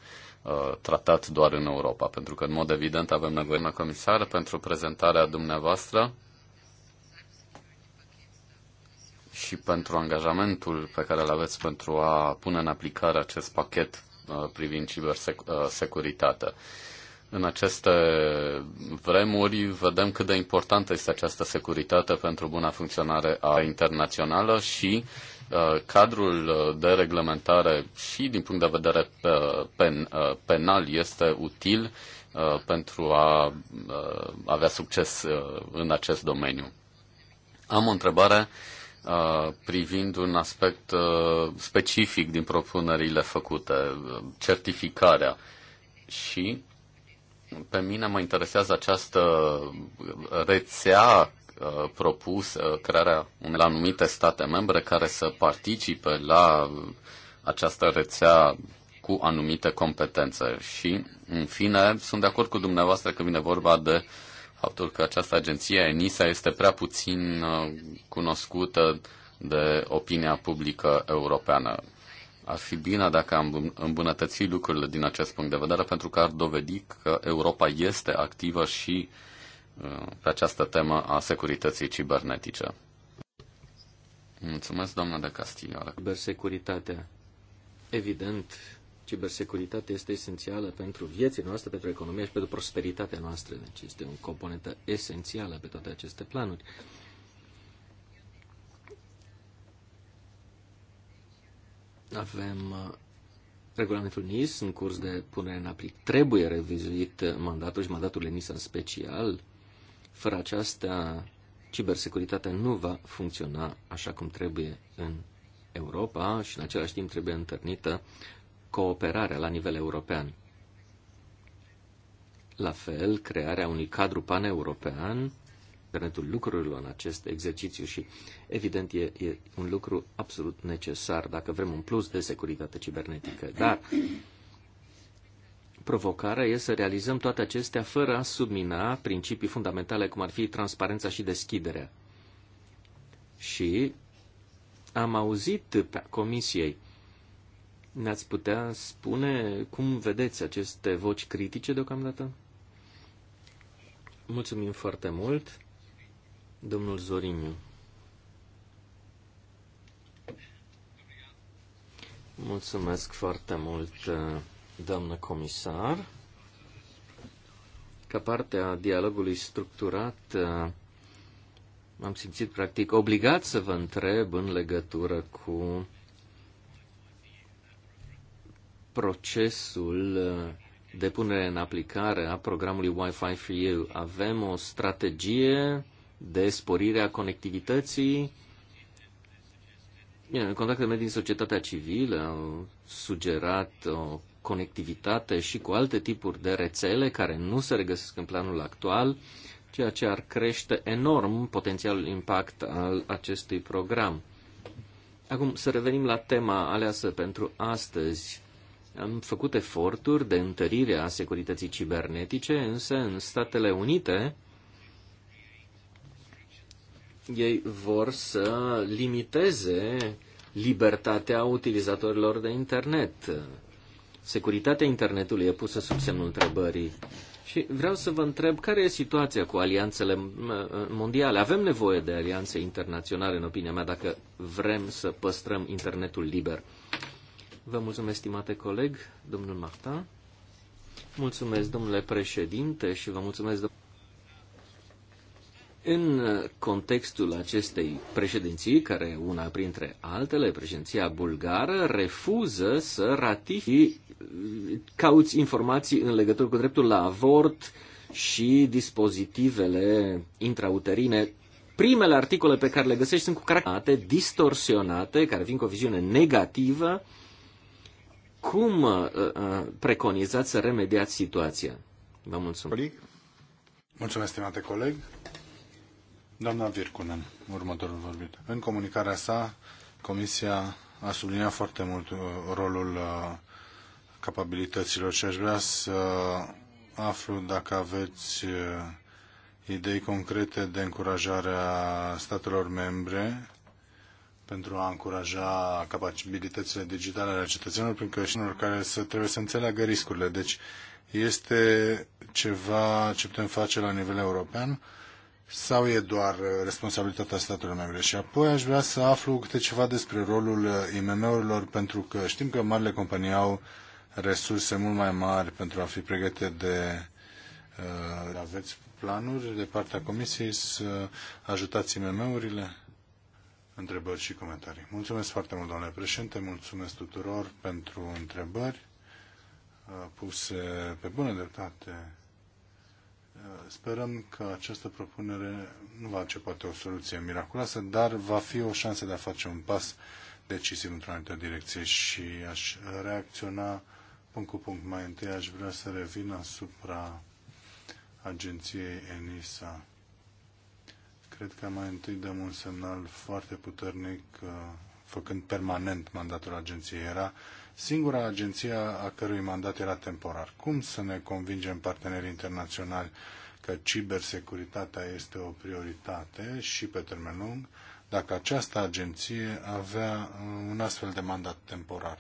tratat doar în Europa, pentru că, în mod evident, avem nevoie, Comisară, pentru prezentarea dumneavoastră. și pentru angajamentul pe care îl aveți pentru a pune în aplicare acest pachet uh, privind cibersecuritatea. Uh, în aceste vremuri vedem cât de importantă este această securitate pentru buna funcționare a internațională și uh, cadrul de reglementare și din punct de vedere penal este util pentru a avea succes în acest domeniu. Am o întrebare uh, Uh, privind un aspect uh, specific din propunerile făcute, certificarea. Și pe mine mă interesează această rețea uh, propus crearea unei anumite state membre care să participe la această rețea cu anumite competențe. Și, în fine, sunt de acord cu dumneavoastră că vine vorba de uh, faptul că această agenție, ENISA, este prea puțin uh, cunoscută de opinia publică europeană. Ar fi bine dacă am îmbunătăți lucrurile din acest punct de vedere, pentru că ar dovedi că Europa este activă și uh, pe această temă a securității cibernetice. Mulțumesc, doamna de Castillo. Cibersecuritatea. Evident, Cibersecuritatea este esențială pentru viețile noastre, pentru economia și pentru prosperitatea noastră. Deci este o componentă esențială pe toate aceste planuri. Avem uh, regulamentul NIS în curs de punere în aplicare. Trebuie revizuit mandatul și mandatul NIS în special. Fără aceasta, cibersecuritatea nu va funcționa așa cum trebuie în Europa și în același timp trebuie întărnită cooperarea la nivel european. La fel, crearea unui cadru paneuropean, internetul lucrurilor în acest exercițiu și, evident, e, e un lucru absolut necesar dacă vrem un plus de securitate cibernetică. Dar provocarea e să realizăm toate acestea fără a submina principii fundamentale cum ar fi transparența și deschiderea. Și am auzit pe comisiei ne-ați putea spune cum vedeți aceste voci critice deocamdată? Mulțumim foarte mult, domnul Zoriniu. Mulțumesc foarte mult, doamnă comisar. Ca parte a dialogului structurat, m-am simțit practic obligat să vă întreb în legătură cu procesul uh, de punere în aplicare a programului Wi-Fi for You. Avem o strategie de sporire a conectivității. Bine, contactele mele din societatea civilă au sugerat o conectivitate și cu alte tipuri de rețele care nu se regăsesc în planul actual, ceea ce ar crește enorm potențialul impact al acestui program. Acum să revenim la tema aleasă pentru astăzi, am făcut eforturi de întărire a securității cibernetice, însă în Statele Unite ei vor să limiteze libertatea utilizatorilor de internet. Securitatea internetului e pusă sub semnul întrebării. Și vreau să vă întreb care e situația cu alianțele mondiale. Avem nevoie de alianțe internaționale, în opinia mea, dacă vrem să păstrăm internetul liber. Vă mulțumesc, stimate coleg, domnul Marta. Mulțumesc, domnule președinte, și vă mulțumesc. domnule. în contextul acestei președinții, care una printre altele, președinția bulgară, refuză să ratifice, cauți informații în legătură cu dreptul la avort și dispozitivele intrauterine. Primele articole pe care le găsești sunt cu caracter distorsionate, care vin cu o viziune negativă cum uh, uh, preconizați să remediați situația? Vă mulțumesc. Coleg? Mulțumesc, stimate coleg. Doamna Virkunen, următorul vorbit. În comunicarea sa, Comisia a subliniat foarte mult uh, rolul capabilităților și aș vrea să aflu dacă aveți idei concrete de încurajare a statelor membre pentru a încuraja capabilitățile digitale ale cetățenilor, prin că care să trebuie să înțeleagă riscurile. Deci este ceva ce putem face la nivel european sau e doar responsabilitatea statelor membre? Și apoi aș vrea să aflu câte ceva despre rolul IMM-urilor, pentru că știm că marile companii au resurse mult mai mari pentru a fi pregătite de... Uh, aveți planuri de partea Comisiei să ajutați IMM-urile? întrebări și comentarii. Mulțumesc foarte mult, domnule președinte, mulțumesc tuturor pentru întrebări uh, puse pe bună dreptate. Uh, sperăm că această propunere nu va ce poate o soluție miraculoasă, dar va fi o șansă de a face un pas decisiv într-o anumită direcție și aș reacționa punct cu punct. Mai întâi aș vrea să revin asupra agenției ENISA Cred că mai întâi dăm un semnal foarte puternic uh, făcând permanent mandatul agenției. Era singura agenție a cărui mandat era temporar. Cum să ne convingem partenerii internaționali că cibersecuritatea este o prioritate și pe termen lung, dacă această agenție avea uh, un astfel de mandat temporar?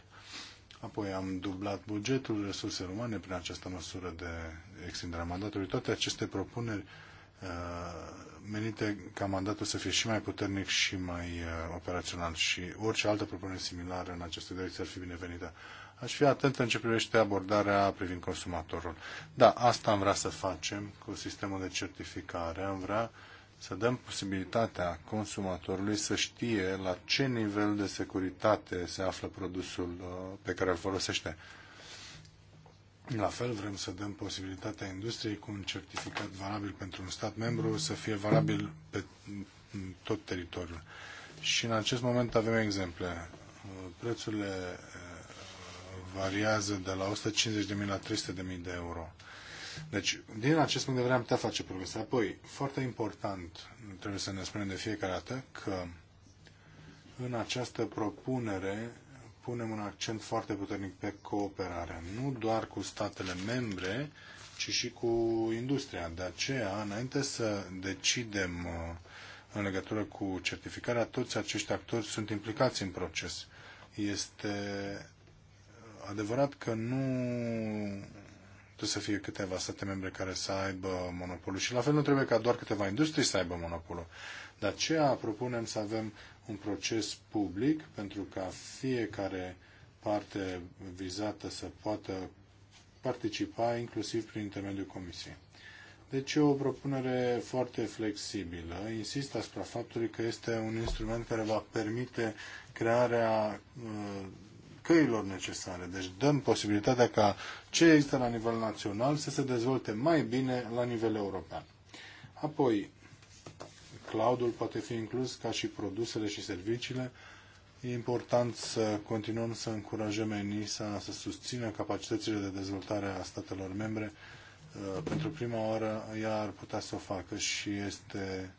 Apoi am dublat bugetul, resurse umane prin această măsură de extindere a mandatului. Toate aceste propuneri uh, Uh, menite ca mandatul să fie și mai puternic și mai uh, operațional și orice altă propunere similară în această direcție ar fi binevenită. Aș fi atent în ce privește abordarea privind consumatorul. Da, asta am vrea să facem cu sistemul de certificare. Am vrea să dăm posibilitatea consumatorului să știe la ce nivel de securitate se află produsul uh, pe care îl folosește. La fel vrem să dăm posibilitatea industriei cu un certificat valabil pentru un stat membru să fie valabil pe tot teritoriul. Și în acest moment avem exemple. Prețurile uh, variază de la 150.000 la 300.000 de euro. Deci, din acest punct de vedere am putea face progrese. Apoi, foarte important, trebuie să ne spunem de fiecare dată că în această propunere punem un accent foarte puternic pe cooperare, nu doar cu statele membre, ci și cu industria. De aceea, înainte să decidem uh, în legătură cu certificarea, toți acești actori sunt implicați în proces. Este uh, adevărat că nu trebuie să fie câteva state membre care să aibă monopolul și la fel nu trebuie ca doar câteva industrii să aibă monopolul. De aceea propunem să avem un proces public pentru ca fiecare parte vizată să poată participa, inclusiv prin intermediul comisiei. Deci e o propunere foarte flexibilă. Insist asupra faptului că este un instrument care va permite crearea uh, căilor necesare. Deci dăm posibilitatea ca ce există la nivel național să se dezvolte mai bine la nivel european. Apoi, cloudul poate fi inclus ca și produsele și serviciile. E important să continuăm să încurajăm ENISA să susțină capacitățile de dezvoltare a statelor membre. Uh, pentru prima oară ea ar putea să o facă și este,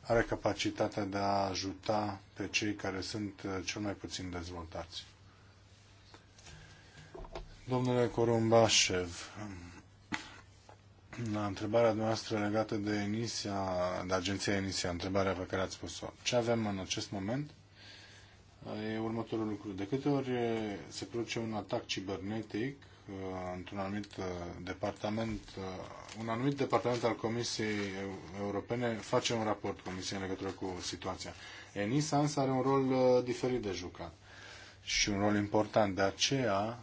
are capacitatea de a ajuta pe cei care sunt uh, cel mai puțin dezvoltați. Domnule Corumbașev, um, la întrebarea noastră legată de emisia, de agenția emisia, întrebarea pe care ați spus-o. Ce avem în acest moment? E următorul lucru. De câte ori se produce un atac cibernetic uh, într-un anumit uh, departament, uh, un anumit departament al Comisiei Europene face un raport Comisiei în legătură cu situația. ENISA însă are un rol diferit de jucat și un rol important. De aceea,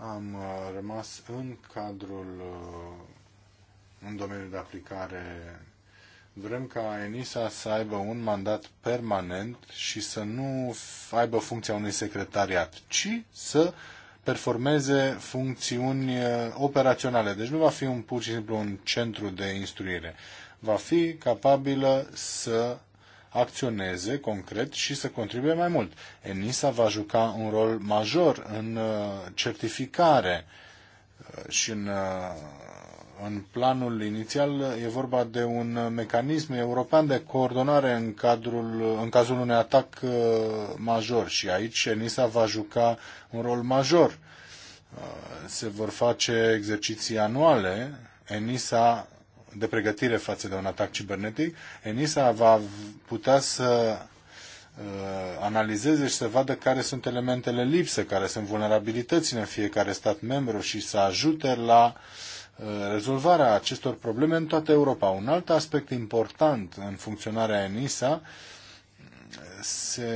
am uh, rămas în cadrul, uh, în domeniul de aplicare. Vrem ca ENISA să aibă un mandat permanent și să nu aibă funcția unui secretariat, ci să performeze funcțiuni uh, operaționale. Deci nu va fi un pur și simplu un centru de instruire. Va fi capabilă să acționeze concret și să contribuie mai mult. ENISA va juca un rol major în uh, certificare uh, și în, uh, în planul inițial e vorba de un mecanism european de coordonare în, cadrul, în cazul unui atac major și aici ENISA va juca un rol major. Se vor face exerciții anuale. ENISA de pregătire față de un atac cibernetic, ENISA va putea să uh, analizeze și să vadă care sunt elementele lipsă, care sunt vulnerabilitățile în fiecare stat membru și să ajute la uh, rezolvarea acestor probleme în toată Europa. Un alt aspect important în funcționarea ENISA uh, se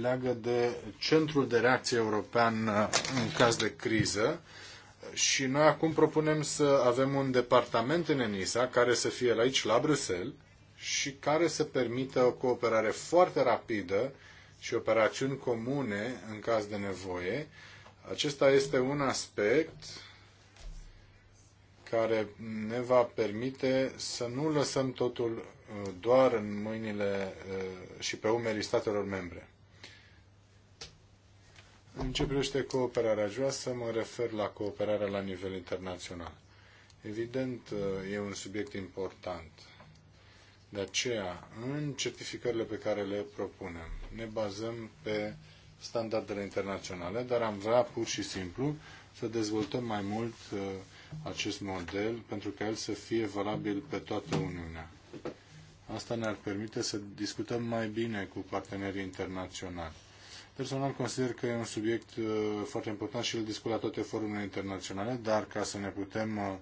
leagă de Centrul de Reacție European în caz de criză, și noi acum propunem să avem un departament în ENISA care să fie aici la Bruxelles și care să permită o cooperare foarte rapidă și operațiuni comune în caz de nevoie. Acesta este un aspect care ne va permite să nu lăsăm totul uh, doar în mâinile uh, și pe umerii statelor membre. În ce privește cooperarea, joasă, mă refer la cooperarea la nivel internațional. Evident, e un subiect important. De aceea, în certificările pe care le propunem, ne bazăm pe standardele internaționale, dar am vrea pur și simplu să dezvoltăm mai mult uh, acest model pentru ca el să fie valabil pe toată Uniunea. Asta ne-ar permite să discutăm mai bine cu partenerii internaționali Personal consider că e un subiect uh, foarte important și îl discut la toate forumurile internaționale, dar ca să ne putem uh,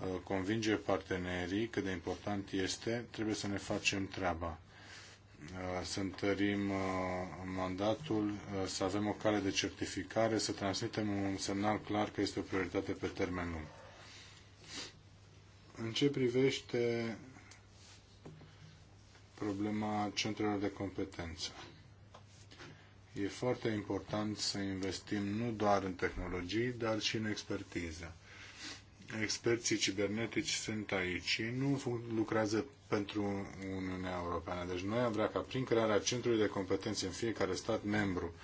uh, convinge partenerii cât de important este, trebuie să ne facem treaba. Să întărim mandatul, să avem o cale de certificare, să transmitem un semnal clar că este o prioritate pe termen lung. În ce privește problema centrelor de competență? E foarte important să investim nu doar în tehnologii, dar și în expertiză. Experții cibernetici sunt aici Ei nu lucrează pentru Uniunea Europeană. Deci noi am vrea ca prin crearea centrului de competențe în fiecare stat membru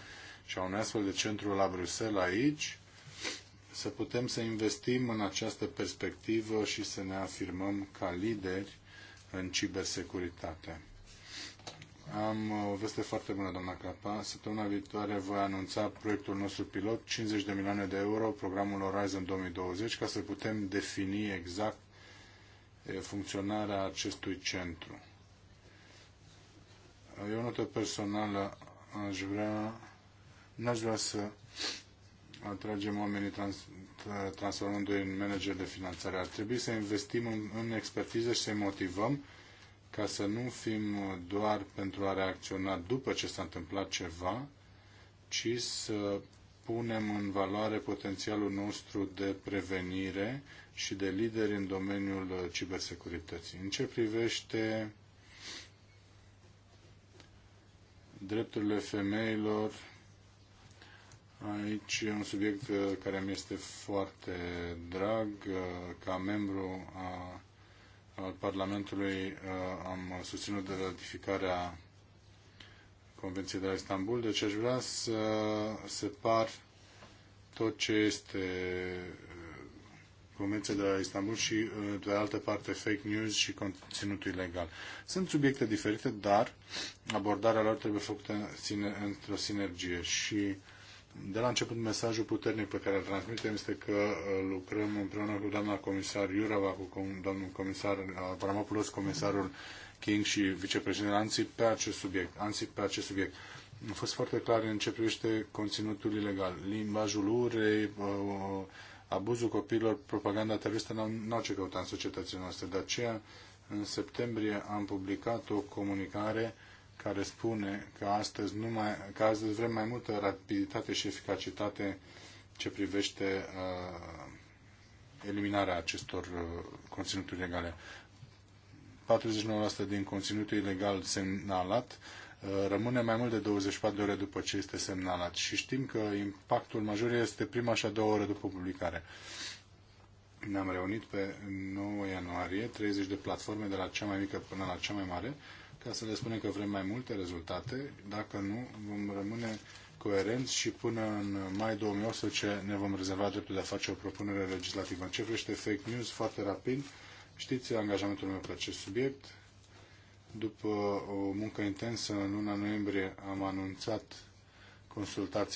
și a unui astfel de centru la Bruxelles aici, să putem să investim în această perspectivă și să ne afirmăm ca lideri în cibersecuritate. Am uh, o veste foarte bună, doamna Capa. Săptămâna viitoare voi anunța proiectul nostru pilot, 50 de milioane de euro, programul Horizon 2020, ca să putem defini exact funcționarea acestui centru. Eu, notă personală, aș vrea, n-aș vrea să atragem oamenii trans, transformându-i în manageri de finanțare. Ar trebui să investim în, în expertiză și să-i motivăm ca să nu fim doar pentru a reacționa după ce s-a întâmplat ceva, ci să punem în valoare potențialul nostru de prevenire și de lideri în domeniul cibersecurității. În ce privește drepturile femeilor, aici e un subiect care mi este foarte drag ca membru a al Parlamentului uh, am susținut de ratificarea Convenției de la Istanbul, deci aș vrea să separ tot ce este uh, Convenția de la Istanbul și, uh, de altă parte, fake news și conținutul ilegal. Sunt subiecte diferite, dar abordarea lor trebuie făcută într-o sinergie și uh, de la început mesajul puternic pe care îl transmitem este că uh, lucrăm împreună cu doamna comisar Iurava, cu domnul comisar uh, Avramopoulos, comisarul King și vicepreședintele ANSI pe acest subiect. ANSI pe acest subiect. A fost foarte clar în ce privește conținutul ilegal, limbajul urei, uh, abuzul copiilor, propaganda teroristă, n-au ce căuta în societățile noastre. De aceea, în septembrie am publicat o comunicare uh, care spune că astăzi, nu mai, că astăzi vrem mai multă rapiditate și eficacitate ce privește uh, eliminarea acestor uh, conținuturi ilegale. 49% din conținutul ilegal semnalat uh, rămâne mai mult de 24 de ore după ce este semnalat și știm că impactul major este prima și a doua oră după publicare. Ne-am reunit pe 9 ianuarie 30 de platforme de la cea mai mică până la cea mai mare ca să le spunem că vrem mai multe rezultate. Dacă nu, vom rămâne coerenți și până în mai 2018 ne vom rezerva dreptul de a face o propunere legislativă. În ce privește fake news, foarte rapid, știți angajamentul meu pe acest subiect. După o muncă intensă, în luna noiembrie am anunțat consultații